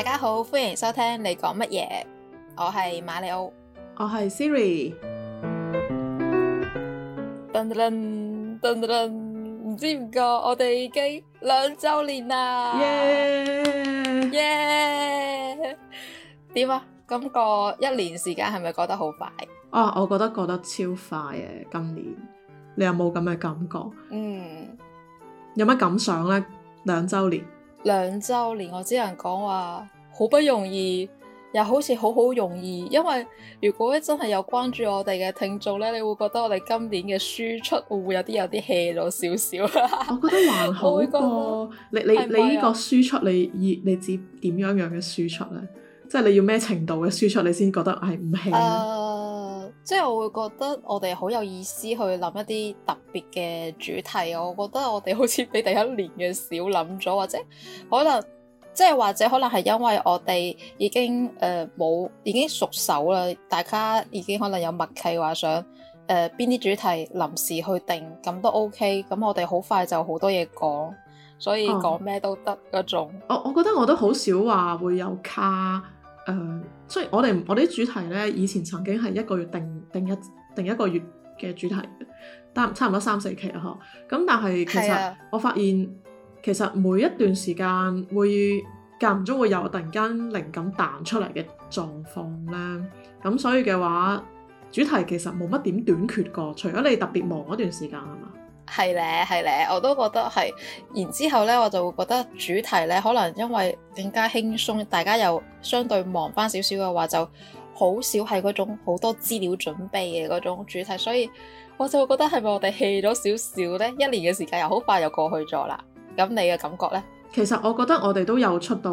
大家好，歡迎收聽你講乜嘢？我係馬里奧，我係 Siri。噔噔噔噔噔，唔知唔覺我哋已經兩周年啦！耶耶！點啊？咁過一年時間係咪過得好快？啊，我覺得過得超快嘅。今年你有冇咁嘅感覺？嗯。有乜感想咧？兩周年。兩週年，我只能講話，好不容易，又好似好好容易。因為如果真係有關注我哋嘅聽眾咧，你會覺得我哋今年嘅輸出會唔會有啲有啲 hea 咗少少？ 我覺得還好過。你你是是你呢個輸出，你以你指點樣樣嘅輸出咧？即係你要咩程度嘅輸出，你先覺得係唔 hea？即係我會覺得我哋好有意思去諗一啲特別嘅主題，我覺得我哋好似比第一年嘅少諗咗，或者可能即係或者可能係因為我哋已經誒冇、呃、已經熟手啦，大家已經可能有默契話想誒邊啲主題臨時去定咁都 OK，咁我哋好快就好多嘢講，所以講咩都得嗰、啊、種。我我覺得我都好少話會有卡。誒，雖然、呃、我哋我啲主題咧，以前曾經係一個月定定一定一個月嘅主題，但差唔多三四期呵。咁但係其實我發現，的其實每一段時間會間唔中會有突然間靈感彈出嚟嘅狀況咧。咁所以嘅話，主題其實冇乜點短缺過，除咗你特別忙嗰段時間係嘛。係咧，係咧，我都覺得係。然之後咧，我就會覺得主題咧，可能因為更加輕鬆，大家又相對忙翻少少嘅話，就好少係嗰種好多資料準備嘅嗰種主題，所以我就會覺得係咪我哋氣咗少少咧？一年嘅時間又好快又過去咗啦。咁你嘅感覺咧？其實我覺得我哋都有出到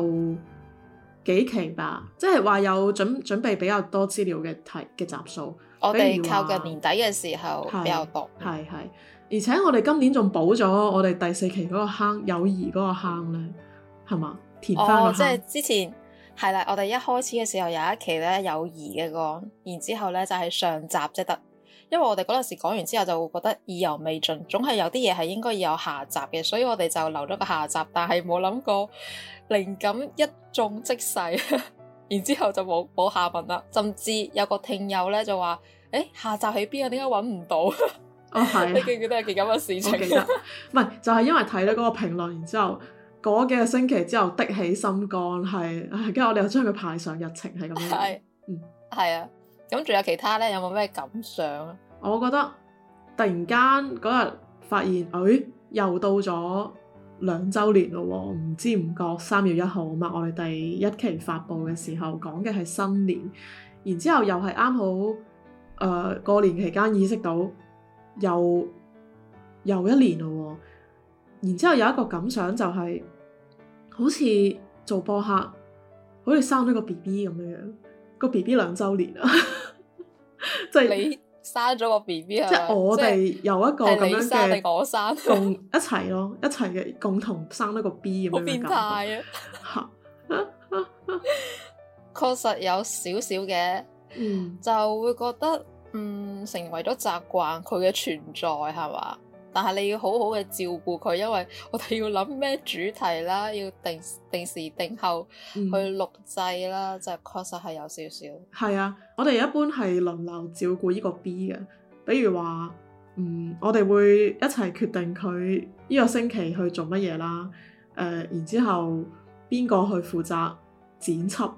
幾期吧，即係話有準準備比較多資料嘅題嘅集數。我哋靠近年底嘅時候比較多。係係。而且我哋今年仲補咗我哋第四期嗰個坑，友誼嗰個坑咧，係嘛，填翻個坑。哦，即係之前係啦，我哋一開始嘅時候有一期咧友誼嘅個，然之後咧，就係、是、上集啫得，因為我哋嗰陣時講完之後就會覺得意猶未盡，總係有啲嘢係應該要有下集嘅，所以我哋就留咗個下集，但係冇諗過靈感一縱即逝， 然之後就冇冇下文啦。甚至有個聽友咧就話，誒、欸、下集喺邊啊？點解搵唔到？ 哦係，跟住都係其咁嘅事情，唔係 就係、是、因為睇到嗰個評論，然之後嗰幾個星期之後的起心肝，係，跟、哎、住我哋又將佢排上日程，係咁樣，嗯，係啊，咁仲有其他咧？有冇咩感想？ 我覺得突然間嗰日發現，誒、哎，又到咗兩周年咯，唔知唔覺三月一號啊嘛，我哋第一期發佈嘅時候講嘅係新年，然之後又係啱好誒、呃、過年期間意識到。又又一年咯，然之後有一個感想就係、是，好似做播客，好似生咗個 B B 咁樣樣，個 B B 兩周年啊，即 係、就是、你生咗個 B B 啊，即係我哋有一個咁嘅、就是、我生共一齊咯，一齊嘅共同生咗個 B 咁、啊、樣嘅感覺。好變態啊！確實有少少嘅，嗯、就會覺得。嗯，成為咗習慣，佢嘅存在係嘛？但係你要好好嘅照顧佢，因為我哋要諗咩主題啦，要定定時定候去錄製啦，嗯、就確實係有少少。係啊，我哋一般係輪流照顧呢個 B 嘅，比如話，嗯，我哋會一齊決定佢呢個星期去做乜嘢啦，誒、呃，然後之後邊個去負責剪輯，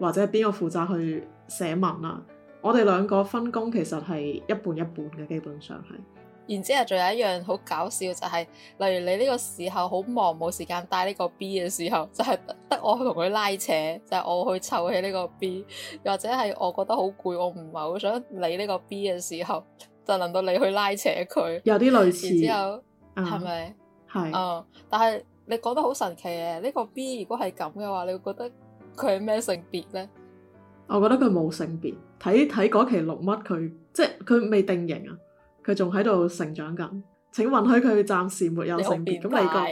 或者邊個負責去寫文啊。我哋兩個分工其實係一半一半嘅，基本上係。然之後仲有一樣好搞笑就係，例如你呢個時候好忙冇時間帶呢個 B 嘅時候，就係得我同佢拉扯，就係我去湊起呢個 B，或者係我覺得好攰，我唔係好想理呢個 B 嘅時候，就輪到你去拉扯佢。有啲類似之後，係咪？係。啊！但係你講得好神奇嘅，呢個 B 如果係咁嘅話，你會覺得佢係咩性別咧？我覺得佢冇性別，睇睇嗰期錄乜佢，即係佢未定型啊，佢仲喺度成長緊。請允許佢暫時沒有性別咁嚟講，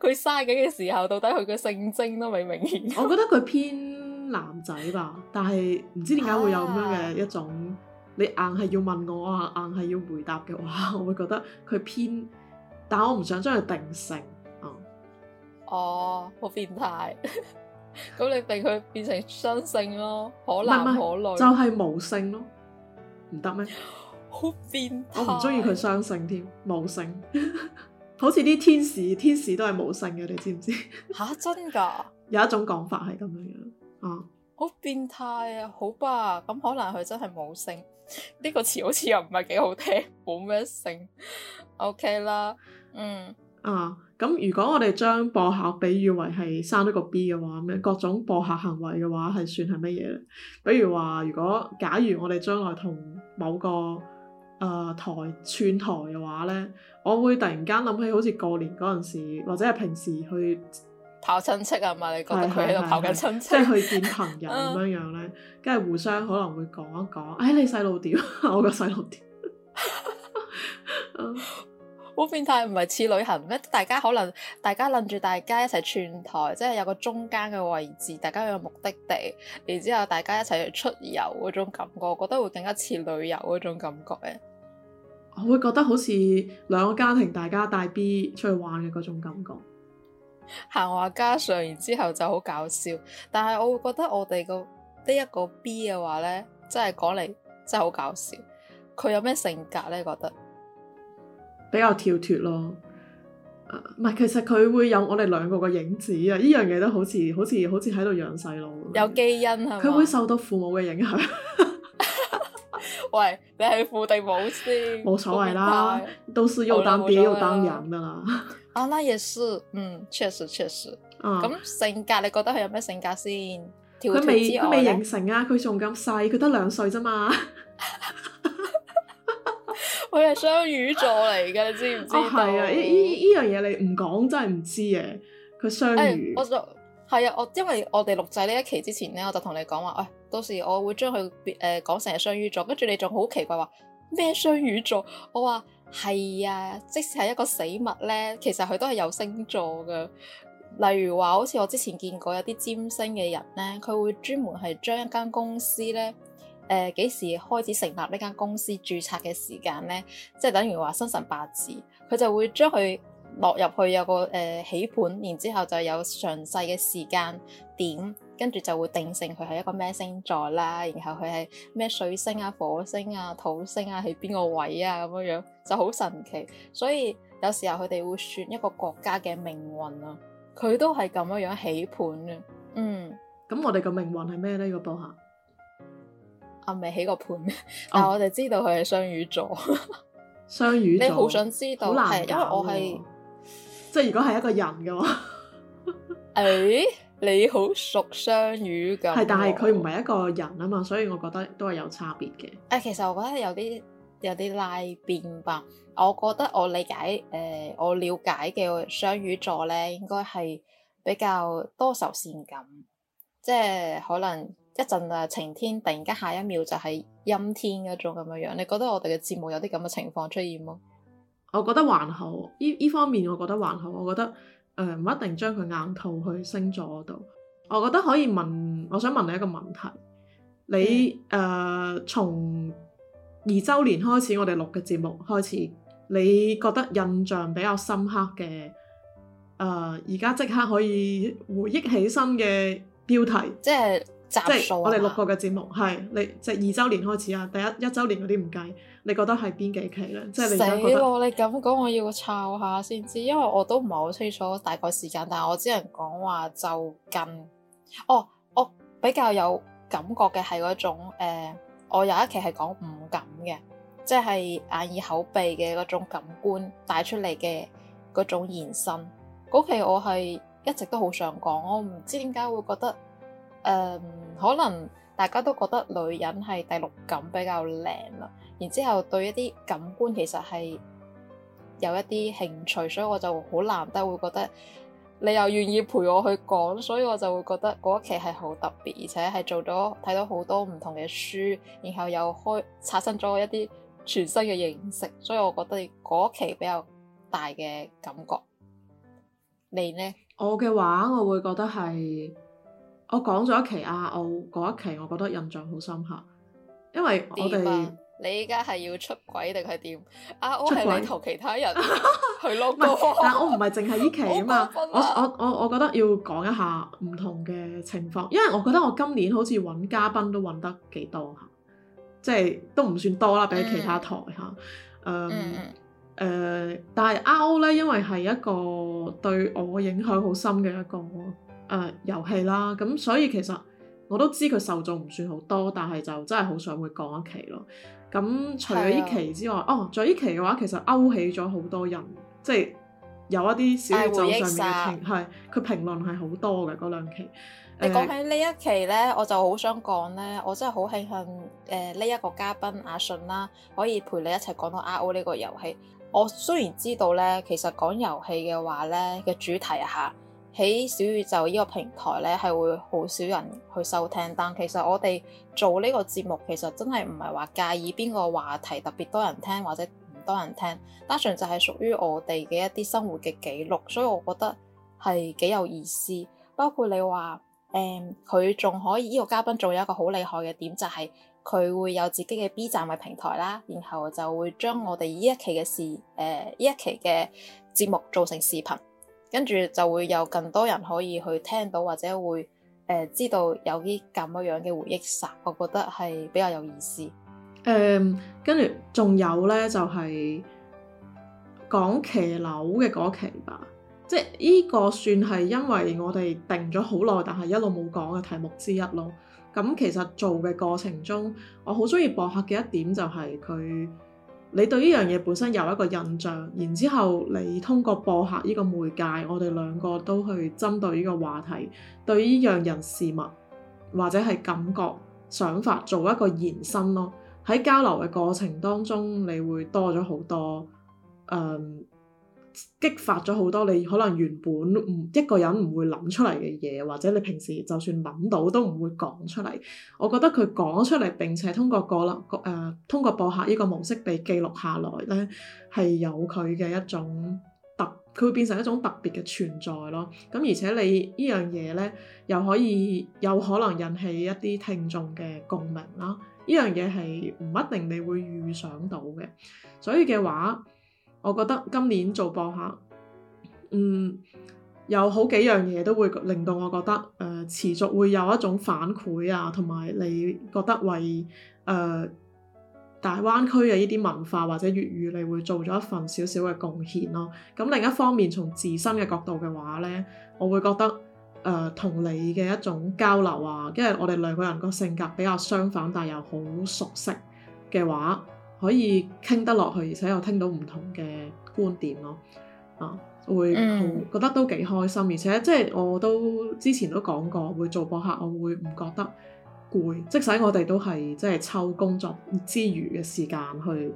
佢嘥緊嘅時候到底佢嘅性徵都未明顯，啊。我覺得佢偏男仔吧，但係唔知點解會有咁樣嘅一種，的你硬係要問我啊，硬係要回答嘅話，我會覺得佢偏，但我唔想將佢定性。哦、嗯，我、oh, 變態。咁你俾佢變成雙性咯，可男可女，就係、是、無性咯，唔得咩？好變態，我唔中意佢雙性添，無性， 好似啲天使，天使都係無性嘅，你知唔知？吓、啊，真㗎？有一種講法係咁樣樣，嗯、啊，好變態啊，好吧，咁可能佢真係無性，呢、這個詞好似又唔係幾好聽，冇咩性，OK 啦，嗯。啊，咁如果我哋將播客比喻為係生咗個 B 嘅話，咩各種播客行為嘅話係算係乜嘢咧？比如話，如果假如我哋將來同某個誒、呃、台串台嘅話咧，我會突然間諗起好似過年嗰陣時，或者係平時去跑親戚啊嘛？你覺得佢喺度跑緊親戚，即係去見朋友咁樣樣咧，跟住 互相可能會講一講，誒、哎、你細路點，我個細路點。 啊好變態，唔係似旅行咩？大家可能大家諗住大家一齊串台，即係有個中間嘅位置，大家有個目的地，然之後大家一齊去出遊嗰種感覺，我覺得會更加似旅遊嗰種感覺咧。我會覺得好似兩個家庭大家帶 B 出去玩嘅嗰種感覺，行話加上，然之後就好搞笑。但係我會覺得我哋個呢一個 B 嘅話呢真係講嚟真係好搞笑。佢有咩性格呢？你覺得？比較跳脱咯，唔、啊、係，其實佢會有我哋兩個嘅影子啊！呢樣嘢都好似好似好似喺度養細路，有基因，佢吧會受到父母嘅影響。 喂，你係父定母先？冇所謂啦，白都是又當爹又當娘㗎啦。阿拉耶斯，嗯，確實確實。咁、嗯、性格你覺得佢有咩性格先？佢未未形成啊，佢仲咁細，佢得兩歲咋嘛？ 佢係 雙魚座嚟嘅，你知唔知？哦、啊，係、這、啊、個！呢依依樣嘢你唔講真係唔知嘅。佢雙魚，哎、我就係啊！我因為我哋錄製呢一期之前咧，我就同你講話，喂、哎，到時我會將佢誒講成係雙魚座，跟住你仲好奇怪話咩雙魚座？我話係啊，即使係一個死物咧，其實佢都係有星座噶。例如話，好似我之前見過有啲占星嘅人咧，佢會專門係將一間公司咧。誒，幾、呃、時開始成立呢間公司？註冊嘅時間咧，即係等於話生辰八字，佢就會將佢落入去有個誒、呃、起盤，然之後就有詳細嘅時間點，跟住就會定性佢係一個咩星座啦，然後佢係咩水星啊、火星啊、土星啊喺邊個位啊咁樣樣，就好神奇。所以有時候佢哋會算一個國家嘅命運啊，佢都係咁樣樣起盤嘅。嗯，咁我哋嘅命運係咩咧？呢個播客？ 我未起個盤，但係我就知道佢係雙魚座。 雙魚座，你好想知道，因為我係 即係如果係一個人嘅話，誒、 欸、你好熟雙魚㗎。係，但係佢唔係一個人啊嘛，所以我覺得都係有差別嘅。誒，其實我覺得有啲有啲拉變吧。我覺得我理解誒、呃，我了解嘅雙魚座咧，應該係比較多愁善感，即係可能。一陣啊，晴天，突然間下一秒就係陰天嗰種咁樣樣，你覺得我哋嘅節目有啲咁嘅情況出現嗎？我覺得還好，呢呢方面我覺得還好。我覺得誒唔、呃、一定將佢硬套去星座度。我覺得可以問，我想問你一個問題，你誒從、嗯呃、二週年開始我哋錄嘅節目開始，你覺得印象比較深刻嘅誒而家即刻可以回憶起身嘅標題，即係。即係我哋六個嘅節目，係嗎你即係、就係、二週年開始啊，第一一週年嗰啲唔計，你覺得係邊幾期咧？死咯！你咁講，我要個抄下先知，因為我都唔係好清楚大概時間，但係我只能講話就近。哦，我比較有感覺嘅係嗰種、呃、我有一期係講五感嘅，即係眼耳口鼻嘅嗰種感官帶出嚟嘅嗰種延伸。嗰期我係一直都好想講，我唔知點解會覺得。誒、um, 可能大家都覺得女人係第六感比較靚啦，然之後對一啲感官其實係有一啲興趣，所以我就好難得會覺得你又願意陪我去講，所以我就會覺得嗰一期係好特別，而且係做咗睇到好多唔同嘅書，然後又開產生咗一啲全新嘅認識，所以我覺得嗰期比較大嘅感覺。你呢？我嘅話，我會覺得係。我講咗一期阿 O 嗰一期，一期我覺得印象好深刻，因為我哋你依家係要出軌定係點？阿 O 係嚟同其他人去攞 但係我唔係淨係依期啊嘛。 啊我我我我覺得要講一下唔同嘅情況，因為我覺得我今年好似揾嘉賓都揾得幾多嚇，即係都唔算多啦，比起其他台嚇。嗯，誒、嗯嗯嗯，但係阿 O 咧，因為係一個對我影響好深嘅一個。誒、uh, 遊戲啦，咁所以其實我都知佢受眾唔算好多，但係就真係好想會講一期咯。咁除咗呢期之外，的哦，在呢期嘅話，其實勾起咗好多人，即係有一啲小宇宙上面嘅佢評、評論係好多嘅嗰兩期。你講起呢一期咧，嗯、我就好想講咧，我真係好慶幸誒呢一個嘉賓阿信啦，可以陪你一齊講到 RO 呢個遊戲。我雖然知道咧，其實講遊戲嘅話咧嘅主題嚇，喺小宇宙呢個平台咧，係會好少人去收聽。但其實我哋做呢個節目，其實真係唔係話介意邊個話題特別多人聽或者唔多人聽。單純就係屬於我哋嘅一啲生活嘅記錄，所以我覺得係幾有意思。包括你話誒，佢、嗯、仲可以呢、呢個嘉賓做一個好厲害嘅點，就係、是、佢會有自己嘅 B 站嘅平台啦，然後就會將我哋呢一期嘅視誒呢一期嘅節目做成視頻。跟住就會有更多人可以去聽到或者會誒、呃、知道有啲咁樣樣嘅回憶殺，我覺得係比較有意思。誒、嗯，跟住仲有咧就係講騎樓嘅嗰期吧，即係呢、這個算係因為我哋定咗好耐，但係一路冇講嘅題目之一咯。咁、嗯、其實做嘅過程中，我好中意博客嘅一點就係佢。你對依樣嘢本身有一個印象，然之後你通過播客依個媒介，我哋兩個都去針對依個話題，對依樣人事物或者係感覺想法做一個延伸咯。喺交流嘅過程當中，你會多咗好多，嗯。激發咗好多你可能原本唔一個人唔會諗出嚟嘅嘢，或者你平時就算諗到都唔會講出嚟。我覺得佢講出嚟並且通過個錄個、呃、通過播客呢個模式被記錄下來呢，係有佢嘅一種特，佢會變成一種特別嘅存在咯。咁而且你呢樣嘢呢，又可以有可能引起一啲聽眾嘅共鳴啦。呢樣嘢係唔一定你會預想到嘅，所以嘅話。我覺得今年做播客，嗯，有好幾樣嘢都會令到我覺得，誒、呃，持續會有一種反饋啊，同埋你覺得為誒、呃、大灣區嘅呢啲文化或者粵語，你會做咗一份少少嘅貢獻咯、啊。咁另一方面，從自身嘅角度嘅話咧，我會覺得誒同、呃、你嘅一種交流啊，因為我哋兩個人個性格比較相反，但係又好熟悉嘅話。可以傾得落去，而且又聽到唔同嘅觀點咯，啊，會覺得都幾開心，而且即係我都之前都講過，會做播客，我會唔覺得攰，即使我哋都係即係抽工作之餘嘅時間去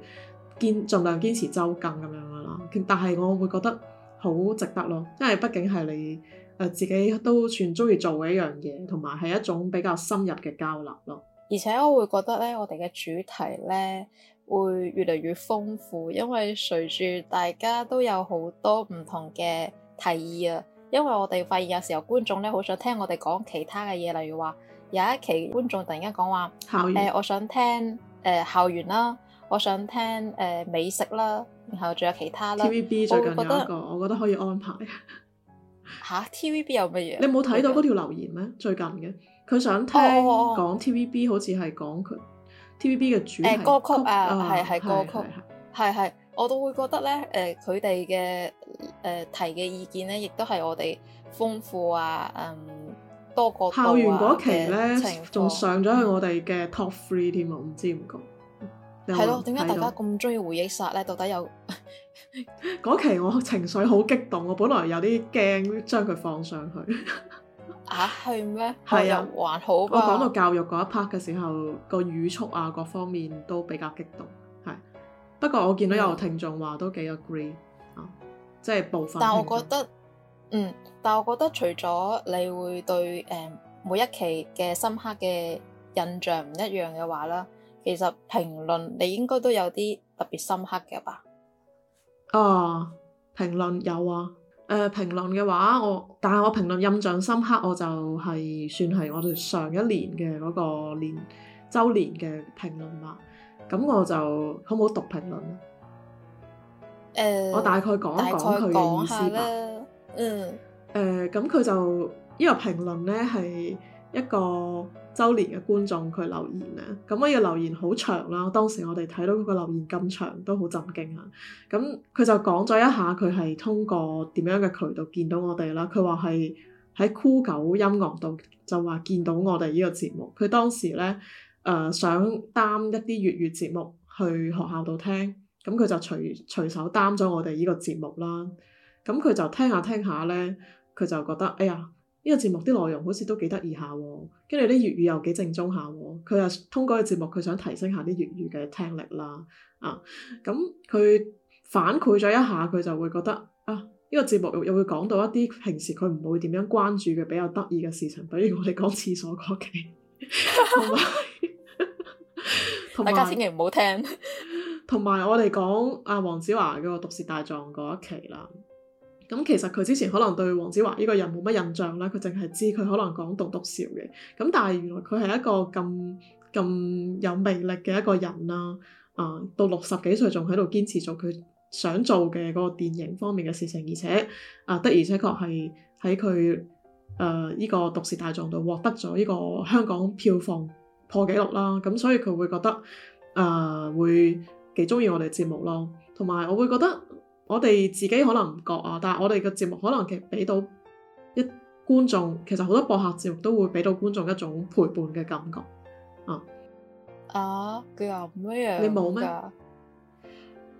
堅，儘量堅持周更咁樣啦，但係我會覺得好值得咯，因為畢竟係你誒、呃、自己都算中意做嘅一樣嘢，同埋係一種比較深入嘅交流咯。而且我會覺得咧，我哋嘅主題咧。會越嚟越豐富，因為隨住大家都有好多唔同嘅提議啊！因為我哋發現有時候觀眾咧，好想聽我哋講其他嘅嘢，例如話有一期觀眾突然間講話，誒校園、呃，我想聽誒、呃、校園啦，我想聽誒、呃、美食啦，然後仲有其他啦。T V B 最近有一個，我覺得，我覺得可以安排。吓，T V B 有乜嘢？你冇睇到嗰條留言咩？的最近嘅，佢想聽講 T V B，好似係講佢。T.V.B 嘅主誒歌曲啊，係係曲、哦、歌曲，係係是，我都會覺得咧，誒佢哋嘅誒提嘅意見咧，亦都係我哋豐富啊，嗯，多個多、啊、校完園嗰期咧，仲上咗去我哋嘅 Top Three 添啊，唔知點講，係咯的，點解大家咁中意回憶殺咧？到底有嗰 期我情緒好激動，我本來有啲驚將佢放上去。 嚇係咩？係啊，的還好。我講到教育嗰一 part 嘅時候，個語速啊，各方面都比較激動，係。不過我見到有聽眾話都幾 agree、嗯、啊，即係部分。但係我覺得，嗯，但係我覺得除咗你會對誒、嗯、每一期嘅深刻嘅印象唔一樣嘅話啦，其實評論你應該都有啲特別深刻嘅吧？啊，評論有啊。誒，評論嘅話，我但係我評論印象深刻，我就係算係我哋上一年嘅嗰個年週年嘅評論啦。咁我就好冇讀評論。誒、嗯，我大概講一講佢嘅意思吧。嗯。誒、呃，咁佢就、這個、評論呢個評論咧係一個。周年嘅觀眾佢留言咧，咁我要留言好長啦。當時我哋睇到佢個留言咁長，都好震驚啊！咁佢就講咗一下佢係通過點樣嘅渠道見到我哋啦。佢話係喺酷狗音樂度就話見到我哋呢個節目。佢當時咧誒、呃、想擔一啲粵語節目去學校度聽，咁佢就隨隨手擔咗我哋呢個節目啦。咁佢就聽下聽下咧，佢就覺得哎呀～呢個節目啲內容好似都幾得意下，跟住啲粵語又幾正宗下。佢又通過個節目，佢想提升下啲粵語嘅聽力啦。啊，咁、嗯、佢反饋咗一下，佢就會覺得啊，呢、這個節目又會講到一啲平時佢唔會點樣關注嘅比較得意嘅事情，比如我哋講廁所嗰期，大家千祈唔好聽。同埋我哋講阿黃子華嘅《獨舌大狀》嗰一期啦。咁其實佢之前可能對黃子華呢個人冇乜印象啦，佢淨係知佢可能講棟篤笑嘅。咁但係原來佢係一個咁咁有魅力嘅一個人啦。啊，到六十幾歲仲喺度堅持做佢想做嘅嗰個電影方面嘅事情，而且啊，的而且確係喺佢誒呢個《毒舌大狀》度獲得咗呢個香港票房破紀錄啦。咁、啊啊、所以佢會覺得啊，會幾中意我哋節目咯。同、啊、埋我會覺得。我哋自己可能唔覺啊，但係我哋嘅節目可能其實俾到一觀眾，其實好多播客節目都會俾到觀眾一種陪伴嘅感覺。啊、uh, 啊，叫咩啊？你冇咩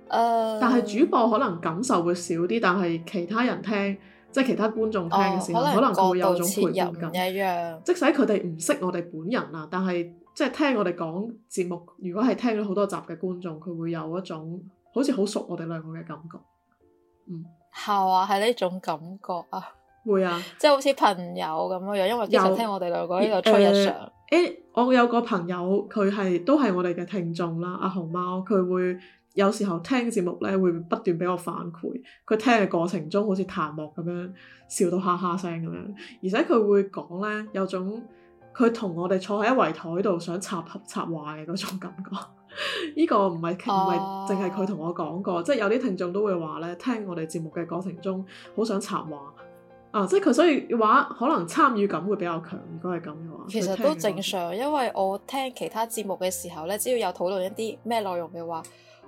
？Uh, 但係主播可能感受會少啲，但係其他人聽即係其他觀眾聽嘅時候，哦、可能佢會有種陪伴感。即使佢哋唔識我哋本人啊，但係即係聽我哋講節目，如果係聽咗好多集嘅觀眾，佢會有一種好似好熟我哋兩個嘅感覺。嗯，係啊，係呢種感覺啊，會啊，即係好似朋友咁樣，因為經常聽我哋兩個又吹日常。誒、呃欸，我有個朋友，佢係都係我哋嘅聽眾啦，阿、啊、熊貓，佢會有時候聽節目咧，會不斷俾我反饋，佢聽嘅過程中好似彈幕咁樣笑到哈哈聲咁樣，而且佢會講咧，有種佢同我哋坐喺一圍台度想插合插話嘅嗰種感覺。呢個唔係唔係淨係佢同我講過，即係有啲聽眾都會話咧，聽我哋節目嘅過程中，好想插話啊！即係佢所以話可能參與感會比較強。如果係咁嘅話，其實都正常，因為我聽其他節目嘅時候咧，只要有討論一啲咩內容嘅話，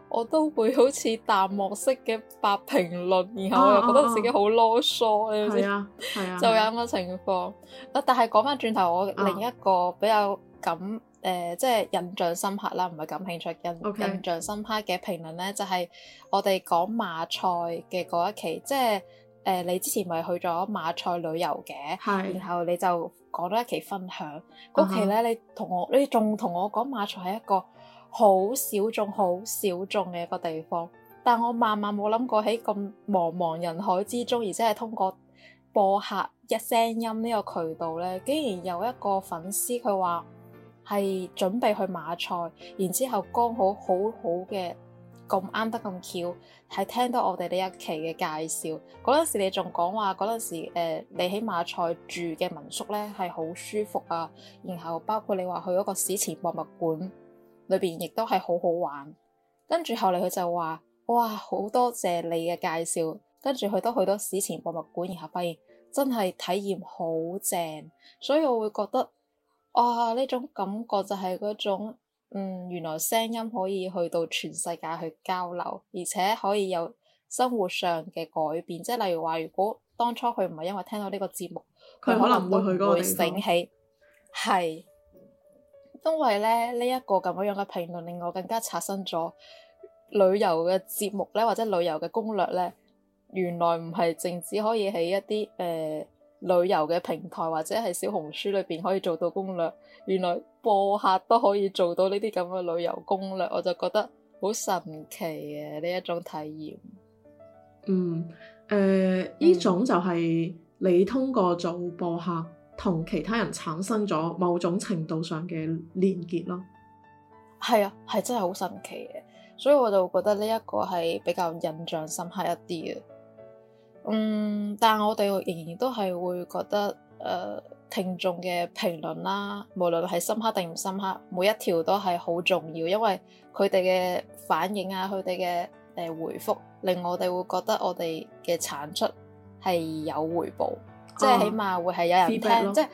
我都會好似彈幕式嘅發評論，然後又覺得自己好囉嗦，你知唔知？係啊，係啊，就有咁嘅情況。啊，嗯嗯嗯、但係講翻轉頭，我另一個比較感。誒、呃，即係印象深刻啦，唔係感興趣印 Okay. 印象深刻嘅評論咧，就係、是、我哋講馬賽嘅嗰一期，即係誒、呃，你之前咪去咗馬賽旅遊嘅，是然後你就講咗一期分享嗰期咧、uh huh.，你同我你仲同我講馬賽係一個好小眾、好小眾嘅一個地方，但我萬萬冇諗過喺咁茫茫人海之中，而且係通過播客一聲音呢個渠道咧，竟然有一個粉絲佢話，係準備去馬賽，然之後剛好，好好好嘅咁啱得咁巧，係聽到我哋呢一期嘅介紹嗰陣時，呃、你仲講話嗰陣時你喺馬賽住嘅民宿咧係好舒服啊。然後包括你話去嗰個史前博物館裏邊，亦都係好好玩。跟住後嚟佢就話：哇，好多謝你嘅介紹。跟住佢都去到史前博物館，然後發現真係體驗好正，所以我會覺得。哇！呢、哦、種感覺就係嗰種，嗯，原來聲音可以去到全世界去交流，而且可以有生活上嘅改變。即係例如話，如果當初佢唔係因為聽到呢個節目，佢可能會去個，可能會醒起，係因為咧，呢一這個咁樣樣嘅評論，令我更加刷新咗旅遊嘅節目咧，或者旅遊嘅攻略咧，原來唔係淨止可以喺一啲誒。呃旅遊嘅平台或者係小紅書裏邊可以做到攻略，原來播客都可以做到呢啲咁嘅旅遊攻略，我就覺得好神奇嘅、啊、呢一種體驗。嗯、誒、呃，呢種就係你通過做播客，同其他人產生咗某種程度上嘅連結咯。係啊，係真係好神奇嘅，所以我就覺得呢一個係比較印象深刻一啲嘅。嗯，但係我哋仍然都係會覺得，誒、呃，聽眾嘅評論啦，無論係深刻定唔深刻，每一條都係好重要，因為佢哋嘅反應啊，佢哋嘅誒回覆，令我哋會覺得我哋嘅產出係有回報，啊、即係起碼會係有人聽，feedback 即係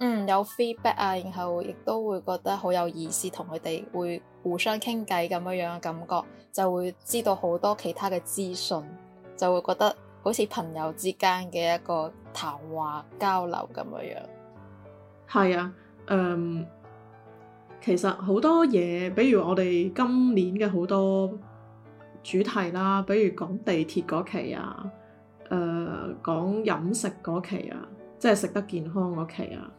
嗯有 feedback 啊，然後亦都會覺得好有意思，同佢哋會互相傾偈咁樣樣嘅感覺，就會知道好多其他嘅資訊，就會覺得，好似朋友之間嘅一個談話交流咁樣，係啊，誒、嗯，其實好多嘢，比如我哋今年嘅好多主題啦，比如講地鐵嗰期啊，誒、呃、講飲食嗰期啊，即係食得健康嗰期啊，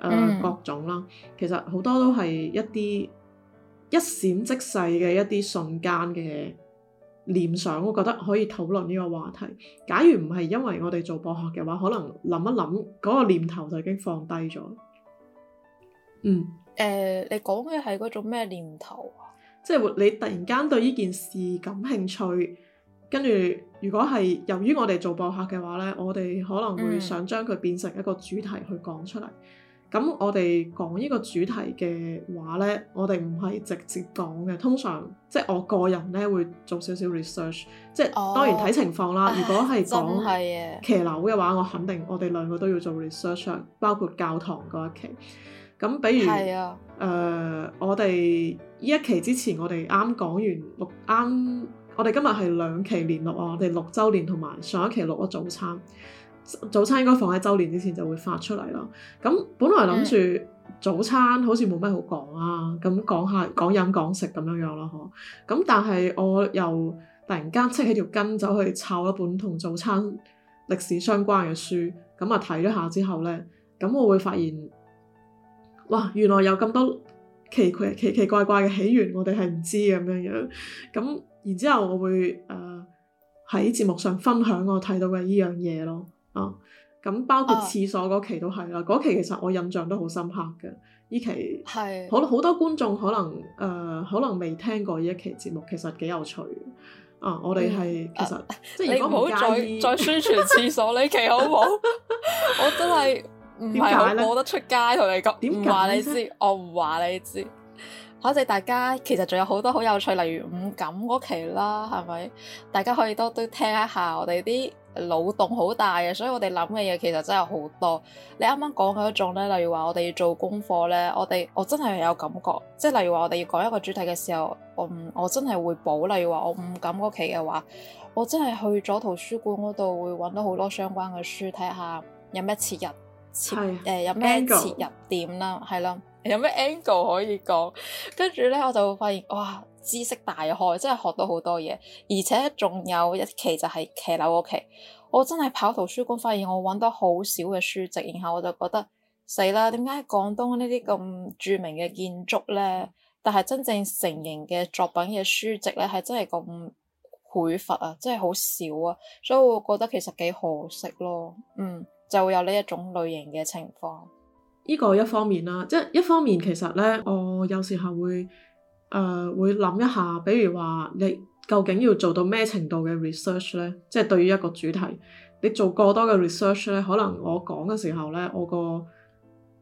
誒、呃嗯、各種啦，其實好多都係一啲一閃即逝嘅一啲瞬間嘅嘢念想，我覺得可以討論呢個話題。假如唔係因為我哋做播客嘅話，可能諗一諗嗰、那個念頭就已經放低咗。嗯。誒、呃，你講嘅係嗰種咩念頭啊？即係你突然間對呢件事感興趣，跟住如果係由於我哋做播客嘅話咧，我哋可能會想將佢變成一個主題去講出嚟。嗯。咁我哋講呢個主題嘅話呢，我哋唔係直接講嘅。通常即係我個人呢，會做少少 research，即係、oh, 當然睇情況啦。唉如果係講騎樓嘅話，的我肯定我哋兩個都要做 research，包括教堂嗰一期。咁比如誒、啊呃，我哋呢一期之前我哋啱講完六啱，我哋今日係兩期連落啊！我哋六週年同埋上一期錄咗早餐。早餐應該放喺周年之前就會發出嚟咯。咁本來諗住早餐好似冇咩好講啊，咁講下講飲講食咁樣樣咯，嗬。咁但係我又突然間扯起條筋走去抄一本同早餐歷史相關嘅書，咁啊睇咗下之後咧，咁我會發現，哇，原來有咁多奇奇奇奇怪怪嘅起源，我哋係唔知咁樣樣。咁然之後我會誒喺、呃、節目上分享我睇到嘅呢樣嘢咯。啊，咁包括廁所嗰期都係啦，嗰、uh, 期其實我印象都好深刻嘅。依期，係是好，好多觀眾可能誒、呃，可能未聽過呢一期節目，其實幾有趣。啊，我哋係其實，uh, 即係如果唔介意再，再宣傳廁所呢期好唔好？ 我真係唔係好冇得出街同你講，唔話你知，我唔話你知。多謝、啊、大家，其實仲有好多好有趣，例如五感嗰期啦，係咪？大家可以多多聽一下我哋啲。腦洞好大嘅，所以我哋諗嘅嘢其實真係好多。你啱啱講嘅一種咧，例如話我哋要做功課咧，我哋我真係有感覺，即係例如話我哋要講一個主題嘅時候，我唔我真係會補。例如話我唔敢嗰期嘅話，我真係去咗圖書館嗰度會搵到好多相關嘅書，睇下有咩切入，切，誒有咩切入點啦，係咯的、呃，有咩的 angle 可以講。跟住咧我就會發現哇～知識大開，真係學到好多嘢，而且仲有一期就係騎樓個期，我真係跑圖書館，發現我揾到好少嘅書籍，然後我就覺得死啦，點解廣東呢啲咁著名嘅建築呢？但係真正成型嘅作品嘅書籍呢，係真係咁匱乏啊，真係好少啊，所以我覺得其實幾可惜咯，嗯，就會有呢一種類型嘅情況，呢個一方面啦，即係一方面其實呢，我有時候會。誒、uh, 會諗一下，比如話你究竟要做到咩程度嘅 research 呢？即係對於一個主題，你做過多嘅 research 呢，可能我講嘅時候呢，我個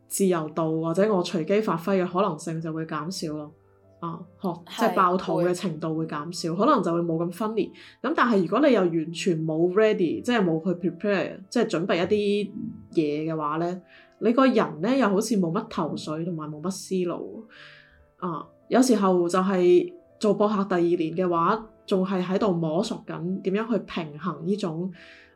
自由度或者我隨機發揮嘅可能性就會減少咯。啊、uh, 學是即係爆肚嘅程度會減少，會可能就會冇咁 funny。咁但係如果你又完全冇 ready，即係冇去 prepare，即係準備一啲嘢嘅話呢，你個人呢又好似冇乜頭緒同埋冇乜思路啊。Uh, 有時候就係做播客第二年嘅話，仲係喺度摸索緊點樣去平衡呢種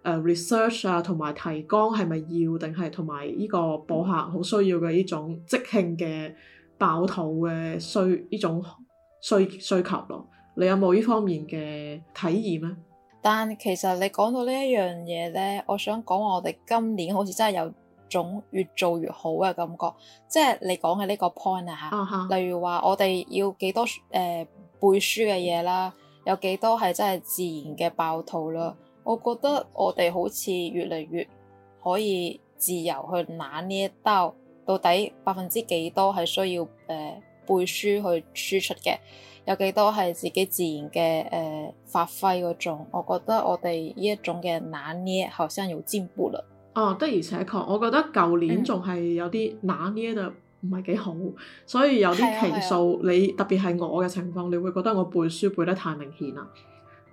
誒 research 啊，同埋提綱係咪要，定係同埋呢個播客好需要嘅呢種即興嘅爆肚嘅需呢種需需求咯。你有冇呢方面嘅體驗咧？但其實你講到呢一樣嘢咧，我想講我哋今年好似真係有。種越做越好嘅感覺，即係你講嘅呢個 point 啊嚇、uh。Huh. 例如話，我哋要幾多誒、呃、背書嘅嘢啦，有幾多係真係自然嘅爆肚啦。我覺得我哋好似越嚟越可以自由去拿呢一兜，到底百分之幾多係需要誒、呃、背書去輸出嘅，有幾多係自己自然嘅誒、呃、發揮嗰種。我覺得我哋呢一種嘅拿捏，好像有進步啦。哦、啊，的而且確，我覺得舊年仲係有啲拿捏得唔係幾好，嗯、所以有啲期數，啊啊、你特別係我嘅情況，你會覺得我背書背得太明顯啦，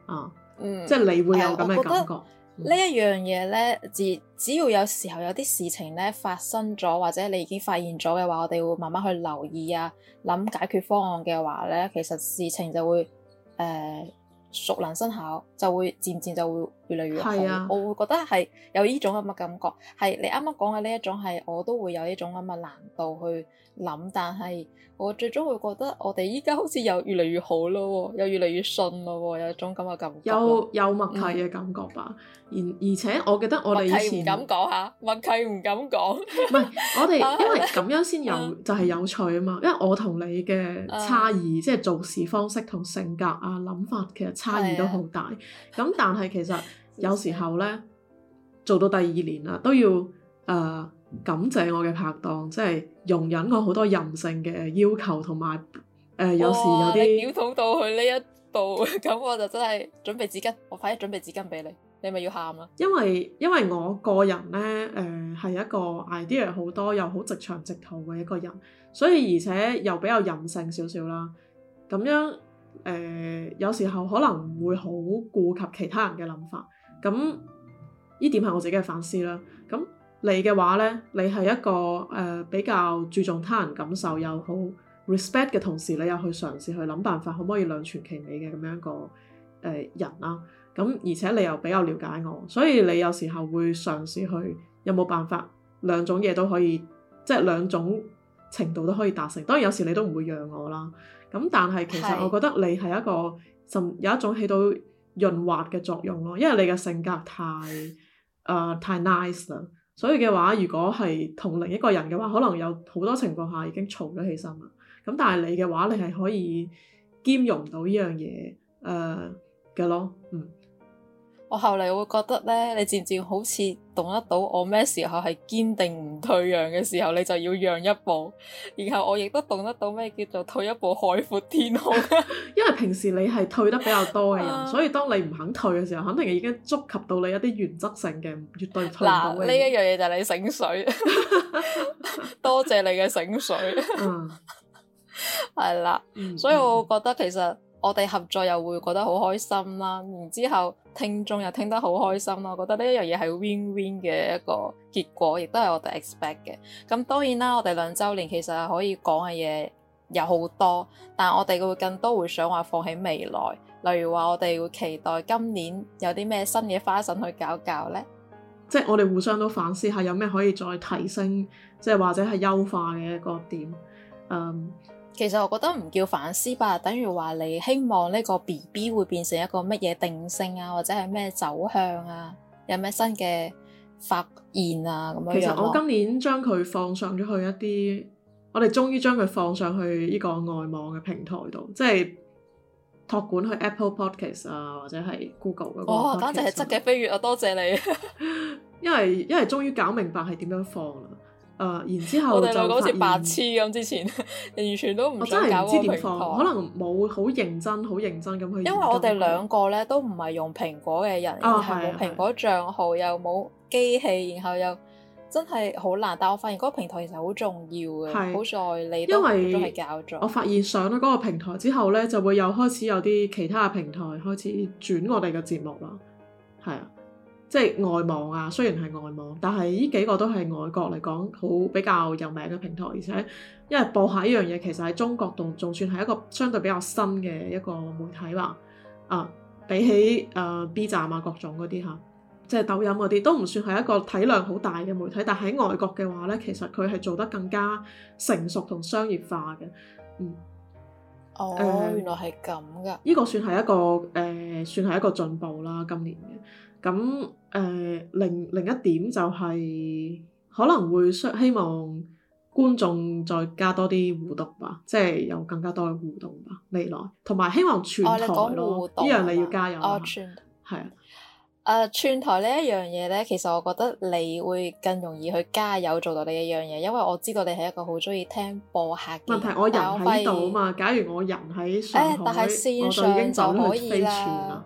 啊，嗯，即係你會有咁嘅感覺。啊覺嗯、呢一樣嘢咧，只只要有時候有啲事情咧發生咗，或者你已經發現咗嘅話，我哋會慢慢去留意啊，諗解決方案嘅話咧，其實事情就會誒、呃、熟能生巧。就會漸漸就會越嚟越好，係啊，我會覺得係有呢種咁嘅感覺。係你啱啱講嘅呢一種係，我都會有呢種咁嘅難度去諗。但係我最終會覺得我哋依家好似又越嚟越好咯，又越嚟越順咯，有種咁嘅感覺。有有默契嘅感覺吧。而、嗯、而且我記得我哋以前唔敢講嚇，默契唔敢講。唔 係我哋因為咁樣先有就係有趣啊嘛。因為我同你嘅差異，嗯、即係做事方式同性格啊、諗法，其實差異都好大。咁但係其實有時候咧 做到第二年啦，都要誒、呃、感謝我嘅拍檔，即係容忍我好多任性嘅要求同埋誒，有、呃、哇有時有啲，要到到去呢一度，咁 我就真係準備紙巾，我快啲準備紙巾俾你，你咪要喊啊！因為因為我個人咧誒係一個 idea 好多，又好直腸直頭嘅一個人，所以而且又比較任性少少啦，咁樣。誒、呃，有時候可能會好顧及其他人嘅諗法，咁呢點係我自己嘅反思啦。咁你嘅話呢，你係一個誒、呃、比較注重他人感受又好 respect 嘅同時，你又去嘗試去諗辦法可唔可以兩全其美嘅咁樣一個誒、呃、人啦、啊。咁而且你又比較了解我，所以你有時候會嘗試去有冇辦法兩種嘢都可以，即係兩種程度都可以達成。當然有時你都唔會讓我啦。咁但係其實我覺得你係一個，就有一種起到潤滑嘅作用咯，因為你嘅性格太，誒、呃、太 nice 啦，所以嘅話如果係同另一個人嘅話，可能有好多情況下已經嘈咗起身啦。咁但係你嘅話，你係可以兼容到呢樣嘢，誒、呃、嘅咯，嗯。我後嚟會覺得咧，你漸漸好似懂得到我咩時候係堅定唔退讓嘅時候，你就要讓一步。然後我亦都懂得到咩叫做退一步海闊天空。 因為平時你係退得比較多嘅人，啊、所以當你唔肯退嘅時候，肯定已經觸及到你一啲原則性嘅絕對退。呢一樣嘢就係你醒水，啊、 多謝你嘅醒水。嗯，係啦，所以我覺得其實。我哋合作又會覺得好開心啦，然之後聽眾又聽得好開心啦，我覺得呢一樣嘢係 win win 嘅一個結果，亦都係我哋 expect 嘅。咁當然啦，我哋兩週年其實係可以講嘅嘢有好多，但係我哋會更多會想話放喺未來。例如話我哋會期待今年有啲咩新嘅花臣去搞搞呢？即係我哋互相都反思下有咩可以再提升，即係或者係優化嘅一個點，誒、um。其實我覺得唔叫反思吧，等於話你希望呢個 B B 會變成一個乜嘢定性啊，或者係咩走向啊，有咩新嘅發現啊咁樣。其實我今年將佢放上咗去一啲，我哋終於將佢放上去呢個外網嘅平台度，即係託管去 Apple Podcast 啊，或者係 Google 嗰個。哇、哦！簡直係質嘅飛躍啊！多謝你， 因為因為終於搞明白係點樣放啦。誒、哦，然之後就我哋兩個好似白痴咁，之前完全都唔想搞，可能冇好認真，好認真咁去。因為我哋兩個咧都唔係用蘋果嘅人，哦啊、而係冇蘋果帳號，啊、又冇機器，啊、然後又真係好難。但我發現嗰個平台其實好重要嘅，好在你都係搞咗。我發現上咗嗰個平台之後咧，就會又開始有啲其他嘅平台開始轉我哋嘅節目啦，係啊。即係外網啊，雖然係外網，但係呢幾個都係外國嚟講好比較有名嘅平台，而且因為播客依樣嘢其實喺中國度仲算係一個相對比較新嘅一個媒體啦、啊。啊，比起誒、呃、B 站啊各種嗰啲吓，即係抖音嗰啲都唔算係一個體量好大嘅媒體，但喺外國嘅話呢，其實佢係做得更加成熟同商業化嘅。嗯，哦，呃、原來係咁噶，呢個算係一個誒、呃，算係一個進步啦，今年嘅咁。嗯誒、呃，另另一點就係、是、可能會希望觀眾再加多啲互動吧，即係有更加多嘅互動吧。未來同埋希望串台咯，呢、哦、樣你要加油。係啊，誒串、哦啊呃、台呢一樣嘢咧，其實我覺得你會更容易去加油做到呢一樣嘢，因為我知道你係一個好鍾意聽播客嘅。問題我人喺度啊嘛，假如我人喺誒，但係線上我已經走可以啦。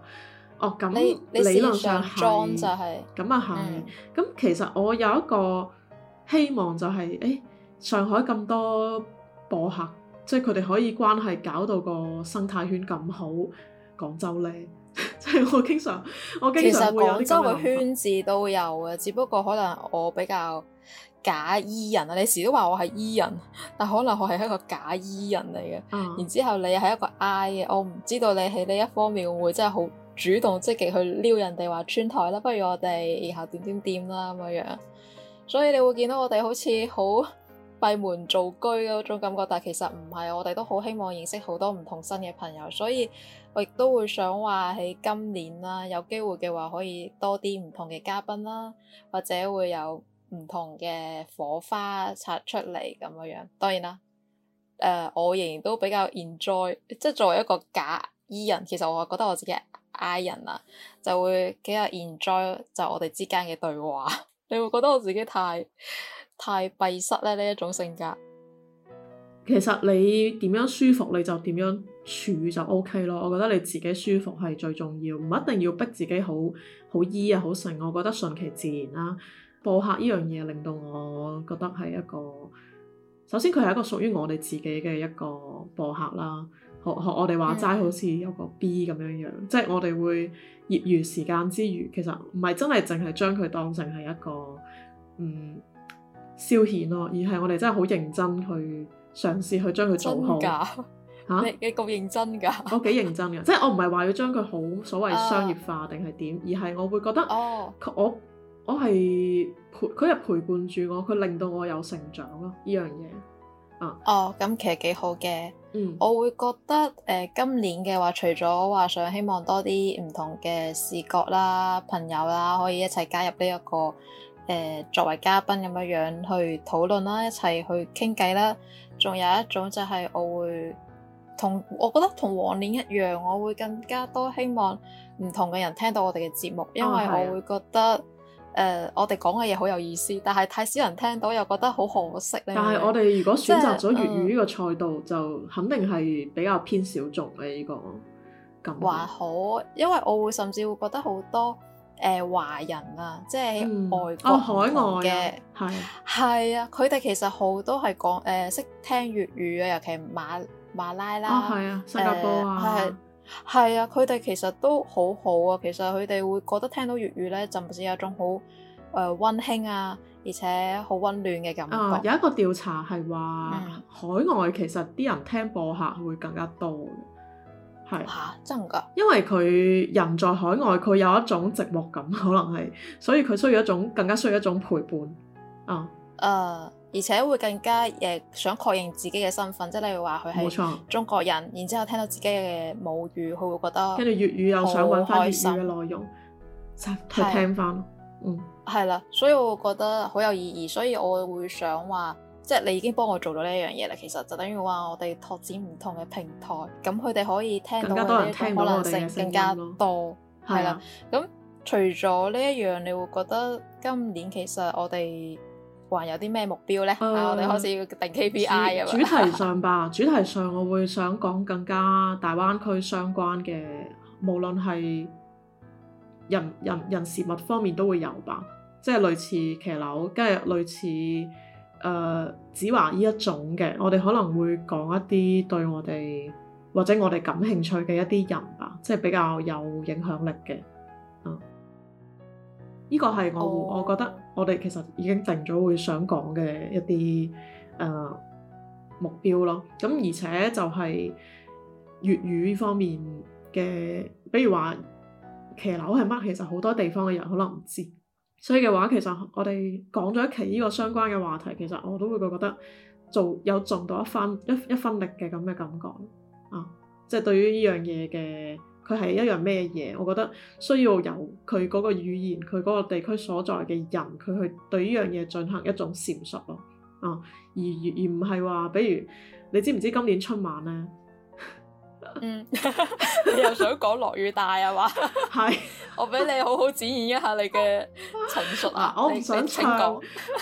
哦，咁理論上你就係咁啊，係咁、嗯。其實我有一個希望就係、是，誒、欸、上海咁多播客，即係佢哋可以關係搞到個生態圈咁好。廣州咧，即 係我經常我經常會有其實廣州嘅圈子都有啊，只不過可能我比較假 E 人啊。你時都話我係 E 人，但可能我係一個假 E 人嚟嘅。嗯、然之後你係一個 I 嘅，我唔知道你喺呢一方面會唔會真係好，主動積極去撩人哋話串台啦，不如我哋然後點點點啦咁樣。所以你會見到我哋好似好閉門造居嗰種感覺，但其實唔係，我哋都好希望認識好多唔同新嘅朋友。所以我亦都會想話喺今年啦，有機會嘅話可以多啲唔同嘅嘉賓啦，或者會有唔同嘅火花擦出嚟咁樣樣。當然啦，誒、呃、我仍然都比較 enjoy，即係作為一個假 E 人，其實我覺得我自己。I 人啊，就會幾日 enjoy 就我哋之間嘅對話， 你會，會覺得我自己太太閉塞咧呢一種性格。其實你點樣舒服你就點樣處就 OK 咯，我覺得你自己舒服係最重要，唔一定要逼自己好好醫啊好順，我覺得順其自然啦。播客呢樣嘢令到我覺得係一個，首先佢係一個屬於我哋自己嘅一個播客啦。學學我哋話齋，嗯、好似有個 B 咁樣樣，即係我哋會業餘時間之餘，其實唔係真係淨係將佢當成係一個嗯消遣咯，而係我哋真係好認真去嘗試去將佢做好。嚇、啊？你你咁認真㗎？我幾認真㗎，即係我唔係話要將佢好所謂商業化定係點，而係我會覺得，uh, 我我係陪佢係陪伴住我，佢令到我有成長咯呢樣嘢。哦，咁其實幾好嘅。我會覺得誒，今年嘅話，除咗話想希望多啲唔同嘅視角啦、朋友啦，可以一齊加入呢、這、一個誒，uh, 作為嘉賓咁樣樣去討論啦，一齊去傾偈啦。仲有一種就係我會同，我覺得同往年一樣，我會更加多希望唔同嘅人聽到我哋嘅節目，oh, 因為我會覺得。誒，uh, 我哋講嘅嘢好有意思，但係太少人聽到，又覺得好可惜咧。但係我哋如果選擇咗粵語呢個賽道，嗯、就肯定係比較偏小眾嘅呢個感。還好，因為我會甚至會覺得好多誒華、呃、人、嗯、啊，即係外國海外嘅，係係啊，佢哋、啊、其實好多係講誒識聽粵語嘅，尤其馬馬拉啦，係啊，啊，新加坡啊。呃係啊，佢哋其實都好好啊。其實佢哋會覺得聽到粵語呢，甚至有一種好誒溫馨啊，而且好溫暖嘅感覺，uh, 有一個調查係話，mm. 海外其實啲人聽播客會更加多係吓，啊、真噶，因為佢人在海外，佢有一種寂寞感，可能係，所以佢需要一種更加需要一種陪伴啊。誒，uh.。Uh. 而且會更加誒想確認自己嘅身份，即係例如話佢係中國人，錯然之後聽到自己嘅母語，佢會覺得跟住粵語又想揾翻粵語嘅內容的去聽翻，嗯，係啦，所以我會覺得好有意義，所以我會想話，即係你已經幫我做到呢一樣嘢啦，其實就等於話我哋拓展唔同嘅平台，咁佢哋可以聽到嘅可能性更加多，係啦，咁除咗呢一樣，你會覺得今年其實我哋。還有啲咩目標呢？Uh, 我哋開始要定 KPI 啊，主，主題上吧， 主題上我會想講更加大灣區相關嘅，無論係人人人事物方面都會有吧。即係類似騎樓，跟住類似誒、呃、子華呢一種嘅，我哋可能會講一啲對我哋或者我哋感興趣嘅一啲人啊，即係比較有影響力嘅。呢個係我我覺得我哋其實已經定咗會想講嘅一啲誒、呃、目標咯。咁而且就係粵語方面嘅，比如話騎樓係乜，其實好多地方嘅人可能唔知。所以嘅話，其實我哋講咗一期呢個相關嘅話題，其實我都會覺得做有盡到一番一一分力嘅咁嘅感覺啊！即係對於呢樣嘢嘅。佢係一樣咩嘢？我覺得需要由佢嗰個語言、佢嗰個地區所在嘅人，佢去對呢樣嘢進行一種陳述。咯。啊，而而唔係話，比如你知唔知今年春晚呢？ 嗯， 你又想講落雨大係嘛？係。我俾你好好展現一下你嘅陳述。 啊！我唔想唱， 我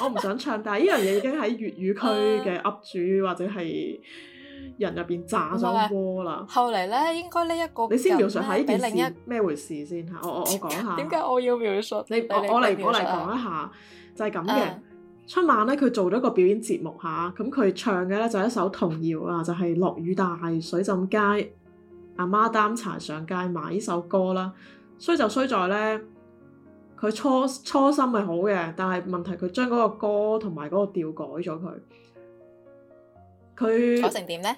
唔想唱， 但係呢樣嘢已經喺粵語區嘅 Up 主或者係。人入邊炸咗窩啦，後嚟咧，應該呢一個你先描述下呢件事咩回事先吓。我我我講下，點解我要描述？你我嚟我嚟講一下，一下，一下就係咁嘅。春晚咧佢做咗個表演節目吓，咁佢唱嘅咧就係一首童謠啊，就係、係、落雨大水浸街，阿媽擔柴上街賣呢首歌啦。衰就衰在咧，佢初初心係好嘅，但係問題佢將嗰個歌同埋嗰個調改咗佢。佢成點咧？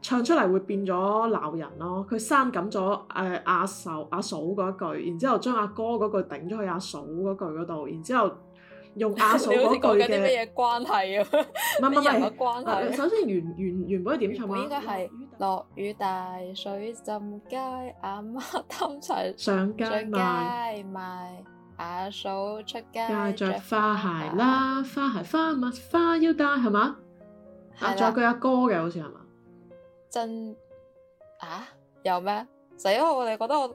唱出嚟會變咗鬧人咯。佢刪減咗誒阿嫂阿、啊、嫂嗰句，然之後將阿、啊、哥嗰句頂咗去阿嫂嗰句嗰度，然之後用阿、啊、嫂嗰句嘅。啲咩嘢關係啊？乜乜乜關係？ 首先原原原本應該點唱？應該係落雨大水浸街，阿媽擔柴上街賣，阿嫂出街着花，花鞋啦，花鞋花襪花腰帶係嘛？啊！仲有佢阿哥嘅，好似係嘛？真啊？有咩？死咯！我哋覺得我誒、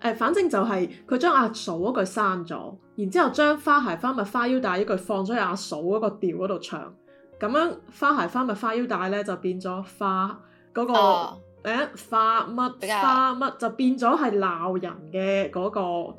欸，反正就係佢將阿嫂嗰句刪咗，然之後將花鞋花襪花腰帶呢句放咗喺阿嫂嗰個調嗰度唱，咁樣花鞋花襪花腰帶咧就變咗花嗰個誒花乜？花乜？就變咗係鬧人嘅嗰個。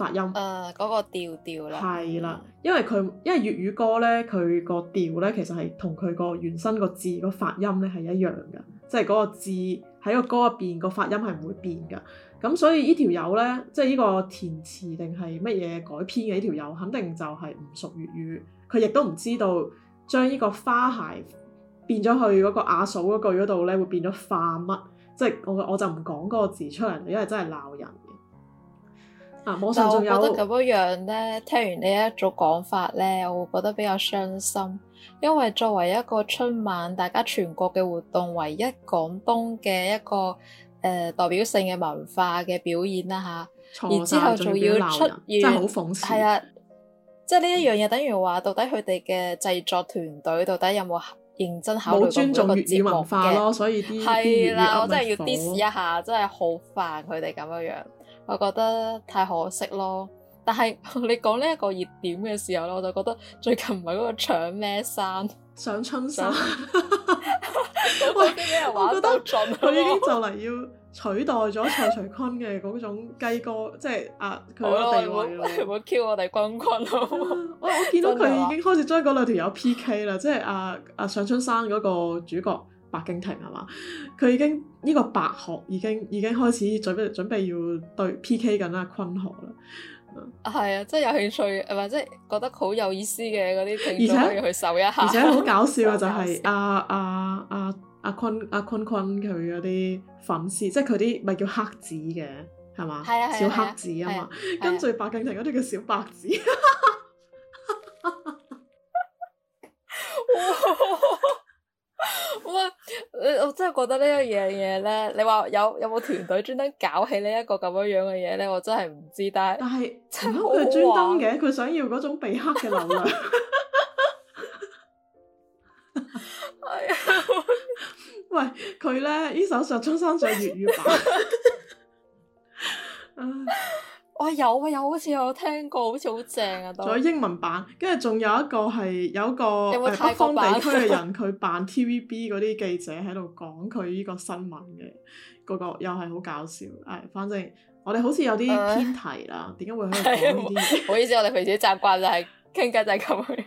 發音，誒嗰個調調咧，係啦，因為佢因為粵語歌咧，佢個調咧其實係同佢個原生個字個發音咧係一樣嘅，即係嗰個字喺個歌入邊個發音係唔會變嘅。咁所以呢條友咧，即係呢個填詞定係乜嘢改編嘅呢條友，肯定就係唔熟粵語，佢亦都唔知道將呢個花鞋變咗去嗰個阿嫂嗰句嗰度咧，會變咗化乜？即係我我就唔講嗰個字出嚟，因為真係鬧人。啊、我就覺得咁樣樣咧，聽完呢一組講法咧，我會覺得比較傷心，因為作為一個春晚，大家全國嘅活動，唯一廣東嘅一個誒、呃、代表性嘅文化嘅表演啦嚇，然、啊、了之後仲要出現，真係好諷刺，啊，即係呢一樣嘢，等於話到底佢哋嘅製作團隊到底有冇認真考慮尊重粵語文化咯、啊？所以係啦，的越越我真係要 diss 一下，真係好煩佢哋咁樣樣。我覺得太可惜咯，但係你講呢一個熱點嘅時候咧，我就覺得最近唔係嗰個搶咩山，上春山，我覺得佢已經就嚟要取代咗蔡徐坤嘅嗰種雞哥，即係啊佢嘅地位咯。會唔會 Q 我哋坤坤啊嘛？我我見到佢已經開始將嗰兩條友 PK 啦，即係啊啊上春山嗰個主角。白敬亭係嘛？佢已經呢、這個白學已經已經開始準備準備要對 PK 緊阿坤學啦，啊係、嗯、啊，即係有興趣，或者即覺得好有意思嘅嗰啲，而且去搜一下，而且好搞笑啊！ 就係阿阿阿阿坤阿坤坤佢嗰啲粉絲，即係佢啲咪叫黑子嘅係嘛？啊、小黑子嗎啊嘛，跟住白敬亭嗰啲叫小白子， 哇！我真係覺得呢一樣嘢咧，你話有有冇團隊專登搞起這這呢一個咁樣樣嘅嘢咧？我真係唔知，但係唔通佢係專登嘅？佢是想要嗰種被黑嘅能量。喂，佢咧呢首《上中山上越越》上粵語版。哇，有啊有，好似有聽過，好似好正啊！仲有英文版，跟住仲有一個係有個誒、呃、北方地區嘅人，佢扮 TVB 嗰啲記者喺度講佢呢個新聞嘅，嗰個又係好搞笑。唉、哎，反正我哋好似有啲偏題啦，點解、哎、會喺度講呢啲？唔、哎、好意思，我哋平時習慣就係傾偈就係咁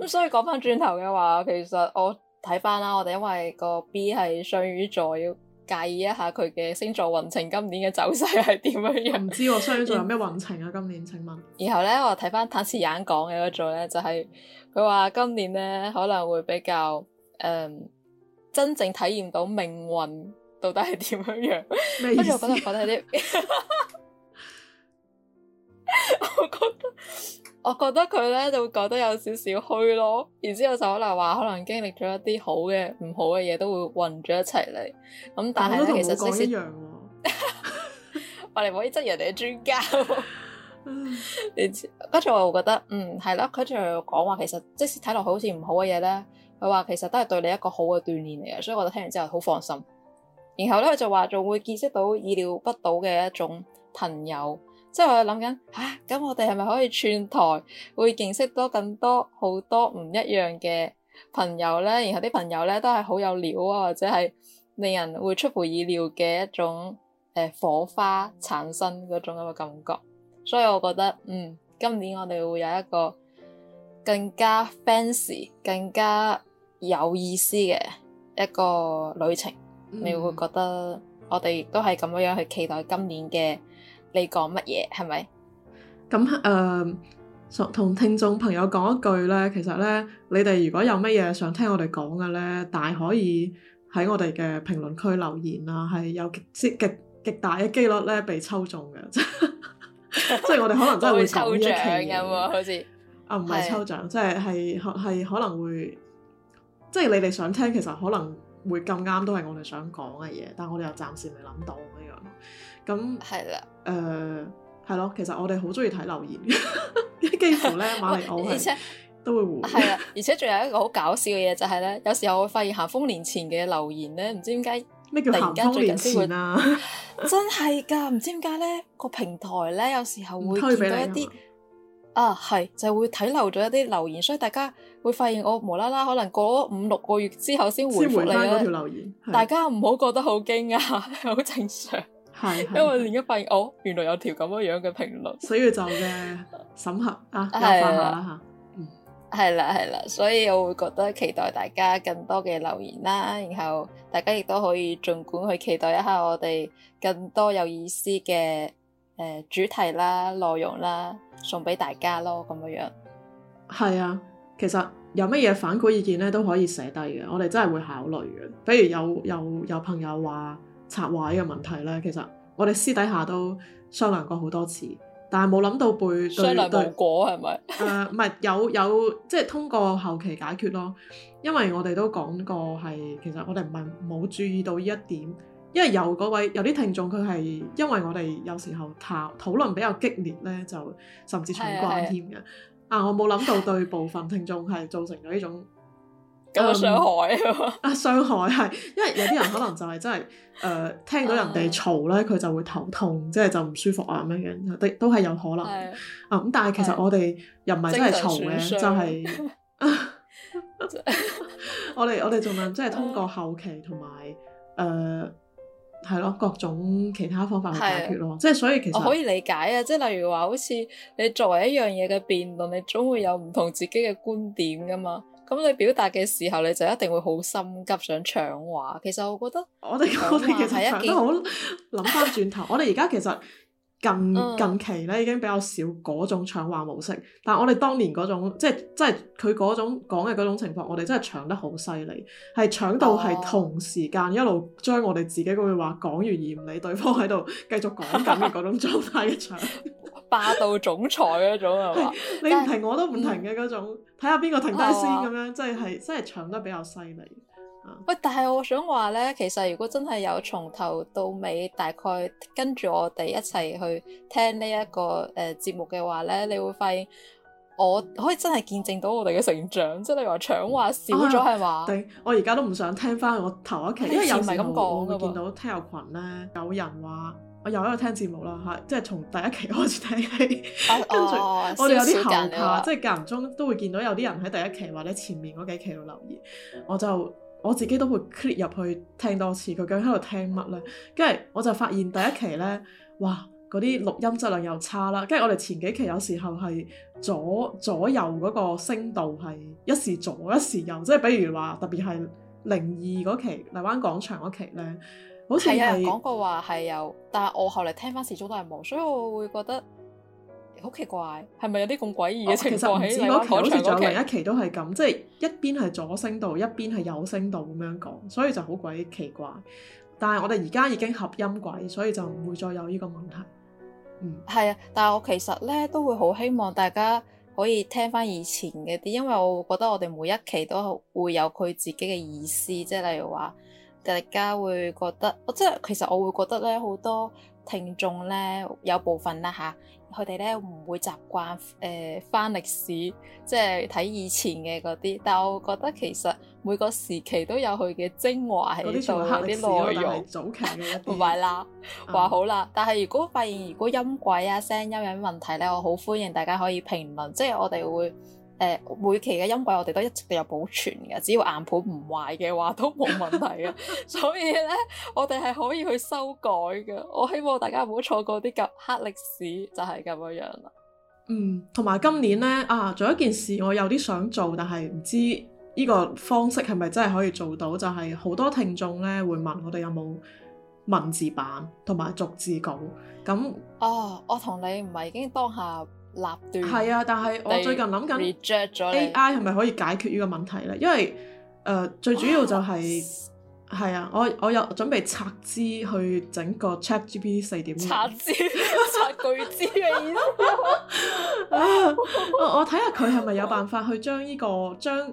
咁，所以講翻轉頭嘅話，其實我睇翻啦，我哋因為個 B 係雙魚座。介意一下佢嘅星座運程今年嘅走勢係點樣樣？ 唔知我雙子有咩運程啊？今年請問。然後咧，我睇翻坦視眼講嘅嗰組咧，就係佢話今年咧，可能會比較誒、呃，真正體驗到命運到底係點樣樣。 我覺得。我覺得佢咧就會覺得有少少虛咯，然之後就可能話可能經歷咗一啲好嘅、唔好嘅嘢都會混咗一齊嚟。咁、嗯、但係咧、嗯，其實即使我哋唔可以質疑人哋嘅專家，跟住我會覺得嗯係啦，跟住佢講話其實即使睇落去好似唔好嘅嘢咧，佢話其實都係對你一個好嘅鍛鍊嚟嘅，所以我就聽完之後好放心。然後咧佢就話仲會見識到意料不到嘅一種朋友。即係我諗緊嚇，咁、啊、我哋係咪可以串台，會認識多更多好多唔一樣嘅朋友咧？然後啲朋友咧都係好有料啊、哦，或者係令人會出乎意料嘅一種誒、呃、火花產生嗰種咁嘅感覺。所以我覺得嗯，今年我哋會有一個更加 fancy、更加有意思嘅一個旅程。Mm. 你會覺得我哋亦都係咁樣樣去期待今年嘅。你講乜嘢係咪？咁誒，同、呃、聽眾朋友講一句咧，其實咧，你哋如果有乜嘢想聽我哋講嘅咧，大可以喺我哋嘅評論區留言啊，係有極極極大嘅機率咧被抽中嘅，即 係 我哋可能真係會抽獎咁啊！好似啊，唔係抽獎，的即係係係可能會，即係你哋想聽，其實可能會咁啱，都係我哋想講嘅嘢，但我哋又暫時未諗到咁樣。咁係啦，誒那，係咯了、呃，其實我哋好中意睇留言嘅， 幾乎咧，瑪利奧係都會回。係 啦，而且仲有一個好搞笑嘅嘢就係咧，有時候會發現行豐年前嘅留言咧，唔知點解咩叫行豐年前啊？ 真係噶，唔知點解咧個平台咧，有時候會見到一啲啊，係就係會睇漏咗一啲留言，所以大家會發現我無啦啦，可能過咗五六個月之後先回覆你啦。留言。大家唔好覺得好驚訝，好 正常。係，因為而一而家發現的哦，原來有條咁樣樣嘅評論，所以就嘅審核 啊，又的下啦吓，係啦係啦，所以我會覺得期待大家更多嘅留言啦，然後大家亦都可以盡管去期待一下我哋更多有意思嘅誒、呃、主題啦、內容啦，送俾大家咯，咁樣樣。係啊，其實有乜嘢反饋意見咧都可以寫低嘅，我哋真係會考慮嘅。比如有有有，有朋友話。策劃嘅問題咧，其實我哋私底下都商量過好多次，但係冇諗到會對果對果係咪？誒不，唔 係、呃、有有即係通過後期解決咯，因為我哋都講過係其實我哋唔係冇注意到呢一點，因為有嗰位有啲聽眾佢係因為我哋有時候談討論比較激烈咧，就甚至重關添嘅， 啊我冇諗到對部分聽眾係造成咗呢種。咁傷害，啊傷害係、 啊，因為有啲人可能就係真係誒聽到人哋嘈咧，佢就會頭痛，即係就唔舒服啊咁樣嘅，都都係有可能。啊咁對、嗯，但係其實我哋又唔係真係嘈嘅，就係我哋我哋儘量即係通過後期同埋誒係咯各種其他方法去解決咯。即係對所以其實可以理解啊。即係例如話，好似你作為一樣嘢嘅辯論，你總會有唔同自己嘅觀點噶嘛。咁你表達嘅時候，你就一定會好心急想搶話。其實我覺得，我哋我哋其實搶得好。諗翻轉頭， 我哋而家其實近、嗯、近期咧已經比較少嗰種搶話模式。但係我哋當年嗰種，即係即係佢嗰種講嘅嗰種情況，我哋真係搶得好犀利，係搶到係同時間、哦、一路將我哋自己嗰句話講完而，而唔理對方喺度繼續講緊嘅嗰種狀態嘅搶。 霸道總裁嗰種係嘛？你唔停我都唔停嘅嗰、嗯、種，睇下邊個停低先咁樣，即係係真係搶得比較犀利。啊！喂，但係我想話咧，其實如果真係有從頭到尾大概跟住我哋一齊去聽節呢一個誒節目嘅話咧，你會發現我可以真係見證到我哋嘅成長。即係你話搶話少咗係嘛？定我而家都唔想聽翻我頭一期，因為，因為有時我會見到聽友群咧有人話。又喺度聽節目啦嚇，即係從第一期開始聽起，跟住、oh, oh, 我哋有啲後怕，即係間唔中都會見到有啲人喺第一期或者前面嗰幾期度留言。我就我自己都會 click 入去聽多次，佢究竟喺度聽乜咧？跟住我就發現第一期咧，哇嗰啲錄音質量又差啦，跟住我哋前幾期有時候係左左右嗰個聲道係一時左一時右，即係比如話特別係零二嗰期荔灣廣場嗰期咧。好似有人講過話係有，但係我後嚟聽翻始終都係冇，所以我會覺得好奇怪，係咪有啲咁詭異嘅情況喺度？前一、哦、期仲有一期都係咁，Okay. 即係一邊係左聲道，一邊係右聲道咁樣講，所以就好鬼奇怪。但係我哋而家已經合音軌，所以就唔會再有呢個問題。嗯，係啊，但係我其實咧都會好希望大家可以聽翻以前嘅啲，因為我覺得我哋每一期都會有佢自己嘅意思，即係例如話。大家會覺得，即係其實我會覺得咧，好多聽眾咧有部分啦嚇，佢哋咧唔會習慣誒、呃、翻歷史，即係睇以前嘅嗰啲。但係我覺得其實每個時期都有佢嘅精華喺度，行啲內容。早期嘅一啲、 嗯。唔係啦，話好啦，但係如果發現如果音軌啊聲音有問題咧，我好歡迎大家可以評論，即係我哋會。誒，每期嘅音軌我哋都一直都有保存嘅，只要硬盤唔壞嘅話都冇問題啊。 所以咧，我哋係可以去修改嘅。我希望大家唔好錯過啲咁黑歷史就，就係咁樣樣啦。嗯，同埋今年呢，啊，仲有一件事我有啲想做，但係唔知呢個方式係咪真係可以做到？就係、是、好多聽眾呢會問我哋有冇文字版同埋逐字稿咁。哦、啊，我同你唔係已經當下立斷係啊！但係我最近諗緊 AI 係咪可以解決呢個問題咧？因為誒最主要就係係啊！我我有準備拆資去整個 ChatGPT 四點五。拆資拆巨資嘅意思。我睇下佢係咪有辦法去將呢個將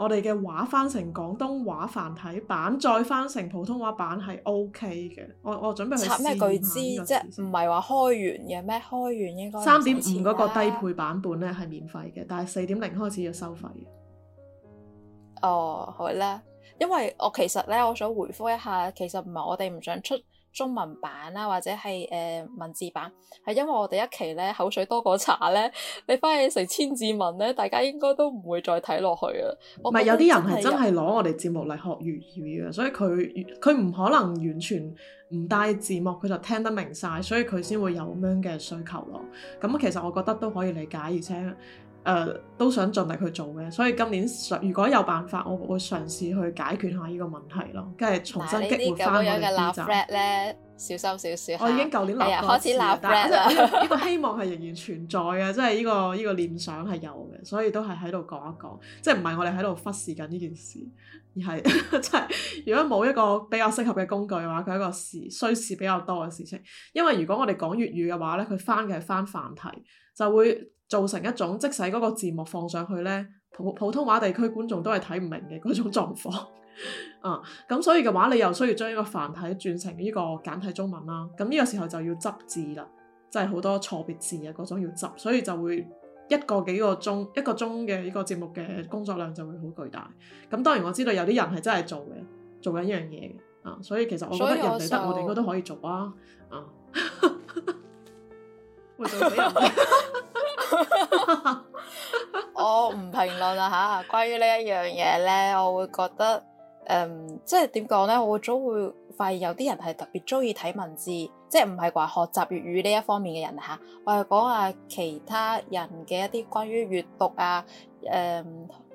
我哋嘅畫翻成廣東話繁體版，再翻成普通話版係 OK 嘅。我我準備去測咩巨資啫，即唔係話開完嘅咩？開完應該三點五嗰個低配版本咧係免費嘅，但係四點零開始要收費嘅。哦，好啦，因為我其實咧，我想回覆一下，其實唔係我哋唔想出。中文版啦，或者係誒、呃、文字版，係因為我哋一期咧口水多過茶咧，你翻譯成千字文咧，大家應該都唔會再睇落去啊。唔係，有啲人係真係攞我哋節目嚟學粵語嘅，所以佢佢唔可能完全唔帶字幕佢就聽得明晒，所以佢先會有咁樣嘅需求咯。咁其實我覺得都可以理解，而且。誒、呃、都想盡力去做嘅，所以今年嘗，如果有辦法，我會嘗試去解決下呢個問題咯，跟係重新激活翻我嘅 flag 小心少少。我已經舊年立過，開始立 flag 啦。呢個希望係仍然存在嘅，即係呢個依、呢個念想係有嘅，所以都係喺度講一講，即係唔係我哋喺度忽視緊呢件事，而係即係如果冇一個比較適合嘅工具嘅話，佢係一個時需時比較多嘅事情。因為如果我哋講粵語嘅話咧，佢翻嘅係翻繁體，就會，造成一種即使嗰個字幕放上去呢，普普通話地區觀眾都係睇唔明嘅嗰種狀況， 啊咁所以嘅話你又需要將呢個繁體轉成呢個簡體中文啦，咁、啊、呢個時候就要執字啦，就係、是、好多錯別字啊嗰種要執，所以就會一個幾個鐘一個鐘嘅呢個節目嘅工作量就會好巨大。咁、啊、當然我知道有啲人係真係做嘅，做緊一樣嘢嘅啊，所以其實我覺得人哋得我哋應該都可以做啊，啊， 會做 我唔評論啦吓，關於呢一樣嘢咧，我會覺得，誒、呃，即係點講咧，我會總會發現有啲人係特別中意睇文字，即係唔係話學習粵語呢一方面嘅人吓、啊，我係講下其他人嘅一啲關於閱讀啊，誒、呃，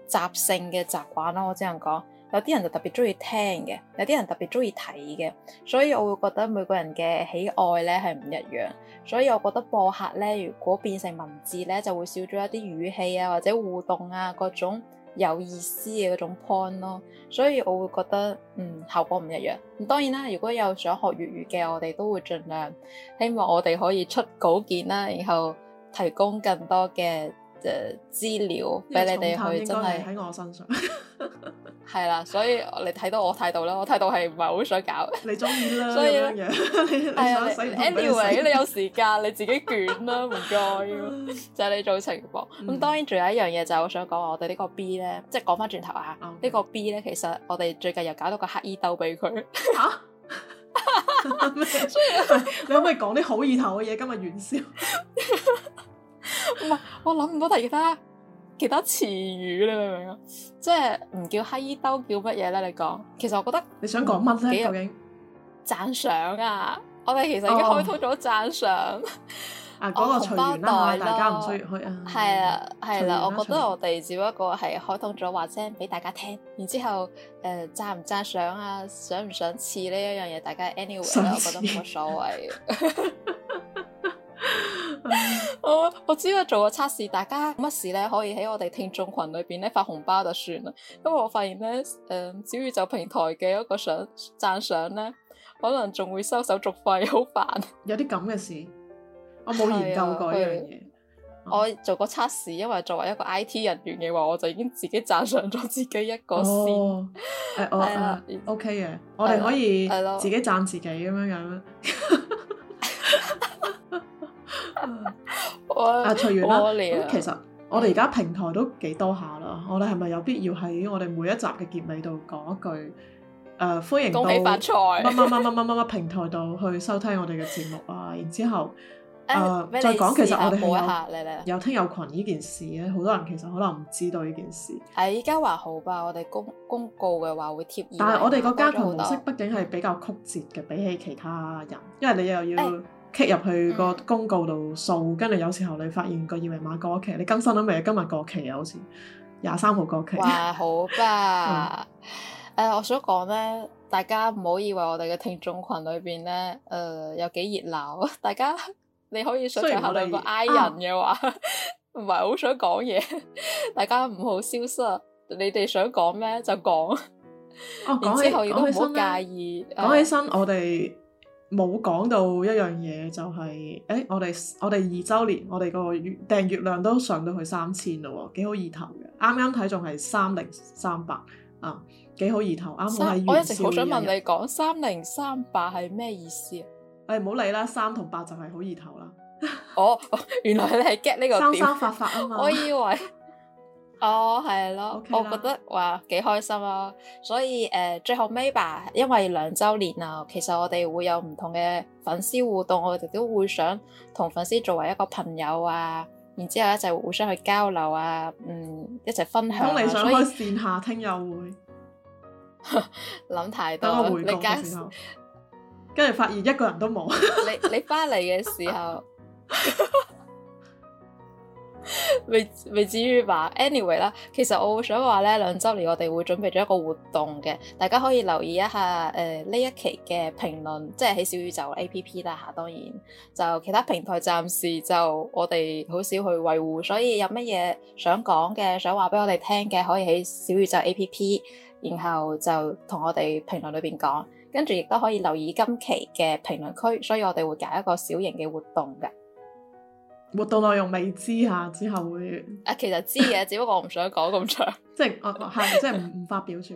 習性嘅習慣咯，我只能講。有啲人就特別中意聽嘅，有啲人特別中意睇嘅，所以我會覺得每個人嘅喜愛咧係唔一樣，所以我覺得播客咧如果變成文字咧，就會少咗一啲語氣啊，或者互動啊，各種有意思嘅嗰種 point 咯，所以我會覺得嗯效果唔一樣。咁當然啦，如果有想學粵語嘅，我哋都會盡量希望我哋可以出稿件啦，然後提供更多嘅。嘅資料俾你哋去真係喺我身上，係啦，所以你睇到我態度啦，我態度係唔係好想搞？你中意啦，所以係啊，anyway，你有時間你自己卷啦，唔該，就係呢種情況。咁當然仲有一樣嘢就係我想講，我哋呢個 B 咧，即係講翻轉頭啊，呢個 B 咧，其實我哋最近又搞到個黑衣兜俾佢嚇，你可唔可以講啲好意頭嘅嘢？今日元宵。唔係， 我諗唔到其他其他詞語，你明唔明啊？即係唔叫乞衣兜，叫乜嘢咧？你講。其實我覺得你想講乜咧？究竟讚賞啊？我哋其實已經開通咗讚賞。Oh. 啊，嗰、嗰個隨緣、啊 oh, 啊、大家唔需要開啊。係啦、 啊，係啦、啊，啊、我覺得我哋只不過係開通咗話聲俾大家聽，然之後誒讚唔讚賞啊，想唔想賜呢一樣嘢？大家 anyway、啊、我覺得冇乜所謂。 我我只要做個測試，大家乜事咧可以喺我哋聽眾群裏邊咧發紅包就算啦。因為我發現咧，誒、嗯，小宇宙平台嘅一個想讚賞咧，可能仲會收手續費，好煩。 有啲咁嘅事，我冇研究嗰過過了樣嘢。我做過測試，因為作為一個 IT 人員嘅話，我就已經自己讚賞咗自己一個先。係 OK 嘅，我哋可以自己讚自己咁樣。了了 阿徐月啦，其實我哋而家平台都幾多下啦，我哋係咪有必要喺我哋每一集嘅結尾度講一句誒，歡迎到恭喜發財乜乜乜乜乜乜乜平台度去收聽我哋嘅節目啊？然之後誒，再講其實我哋係報有聽有群呢件事咧，好多人其實可能唔知道呢件事。誒，依家還好吧，我哋公公告嘅話會貼，但係我哋個加群模式畢竟係比較曲折嘅，比起其他人，因為你又要。入去個公告度掃，跟住有時候你發現個二維碼過期，你更新到未？今日過期啊，好似廿三號過期。還好吧。誒、 嗯，uh, 我想講咧，大家唔好以為我哋嘅聽眾群裏邊咧，誒、呃，有幾熱鬧。大家你可以想擇下兩個 I 人嘅、啊、的話，唔係好想講嘢。大家唔好消失。你哋想講咩就講。哦，講起之後亦都好介意。講起，uh, 起身，我哋。冇講到一樣嘢就係，是，誒、欸、我哋我哋二週年，我哋個月訂閱量都上到去 30,、嗯、三千嘞喎，幾好意頭嘅。啱啱睇仲係三零三八，啊，幾好意頭，啱啱喺元宵嘅，我一直好想問你講三零三八係咩意思啊？誒，唔好理啦，三同八就係好意頭啦。 哦，原來你係 get 呢個點？生生發發啊嘛，我以為。 哦，係咯，我覺得話幾開心啊，所以誒，最後尾吧，因為兩周年啊，其實我哋會有唔同嘅粉絲互動，我哋都會想同粉絲作為一個朋友啊，然之後一齊互相去交流啊，嗯，一齊分享啊，咁你想去線下聽友會，諗太多，等我回工嘅時候，跟住發現一個人都冇，你你翻嚟嘅時候。 未未至於吧，anyway 啦。其實我會想話咧，兩週年我哋會準備咗一個活動嘅，大家可以留意一下誒呢、呃、一期嘅評論，即係喺小宇宙 A P P 啦吓。當然就其他平台暫時就我哋好少去維護，所以有乜嘢想講嘅想話俾我哋聽嘅，可以喺小宇宙 A P P，然後就同我哋評論裏邊講，跟住亦都可以留意今期嘅評論區，所以我哋會搞一個小型嘅活動嘅。活動內容未知吓，之後會啊，其實知嘅。 只不過我唔想講咁長， 即係我係即係唔唔發表出，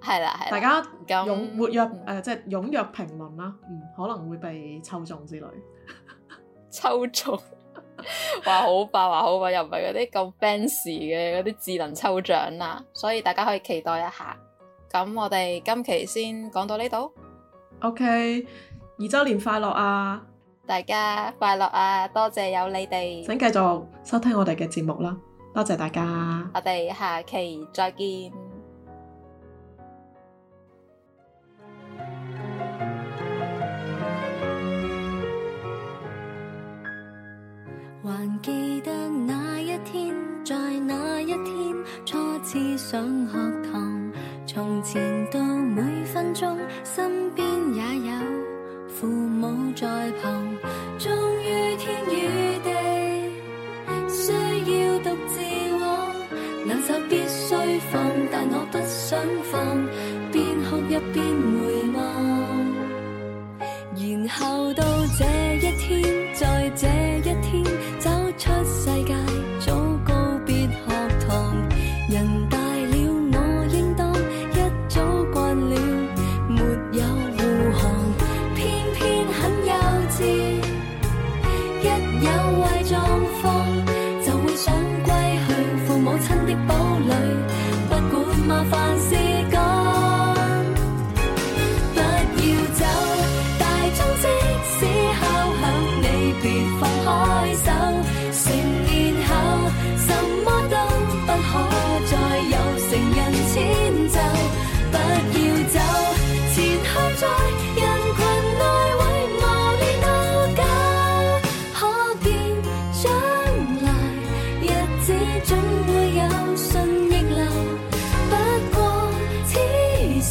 係啦係，嗯嗯、 大家踴躍誒，即係踴躍評論啦，可能會被抽中之類， 抽中話好話好話，又唔係嗰啲咁 fancy 嘅嗰啲智能抽獎啦，所以大家可以期待一下。咁我哋今期先講到呢度，OK，二周年快樂啊！大家快樂啊！多謝有你哋，請繼續收聽我哋嘅節目啦！多謝大家，我哋下期再見。還記得那一天，在那一天初次上學堂，從前到每分鐘，身邊也有。父母在旁中。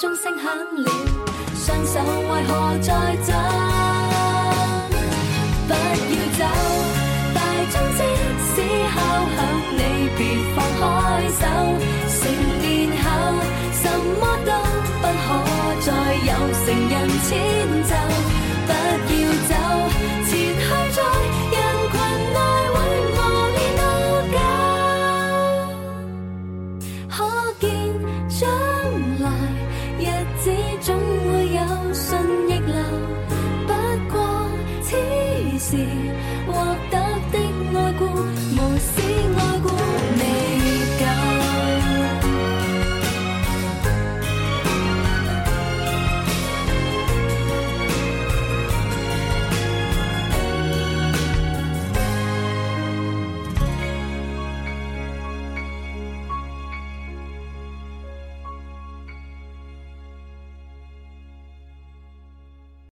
鐘聲響了，雙手為何在震？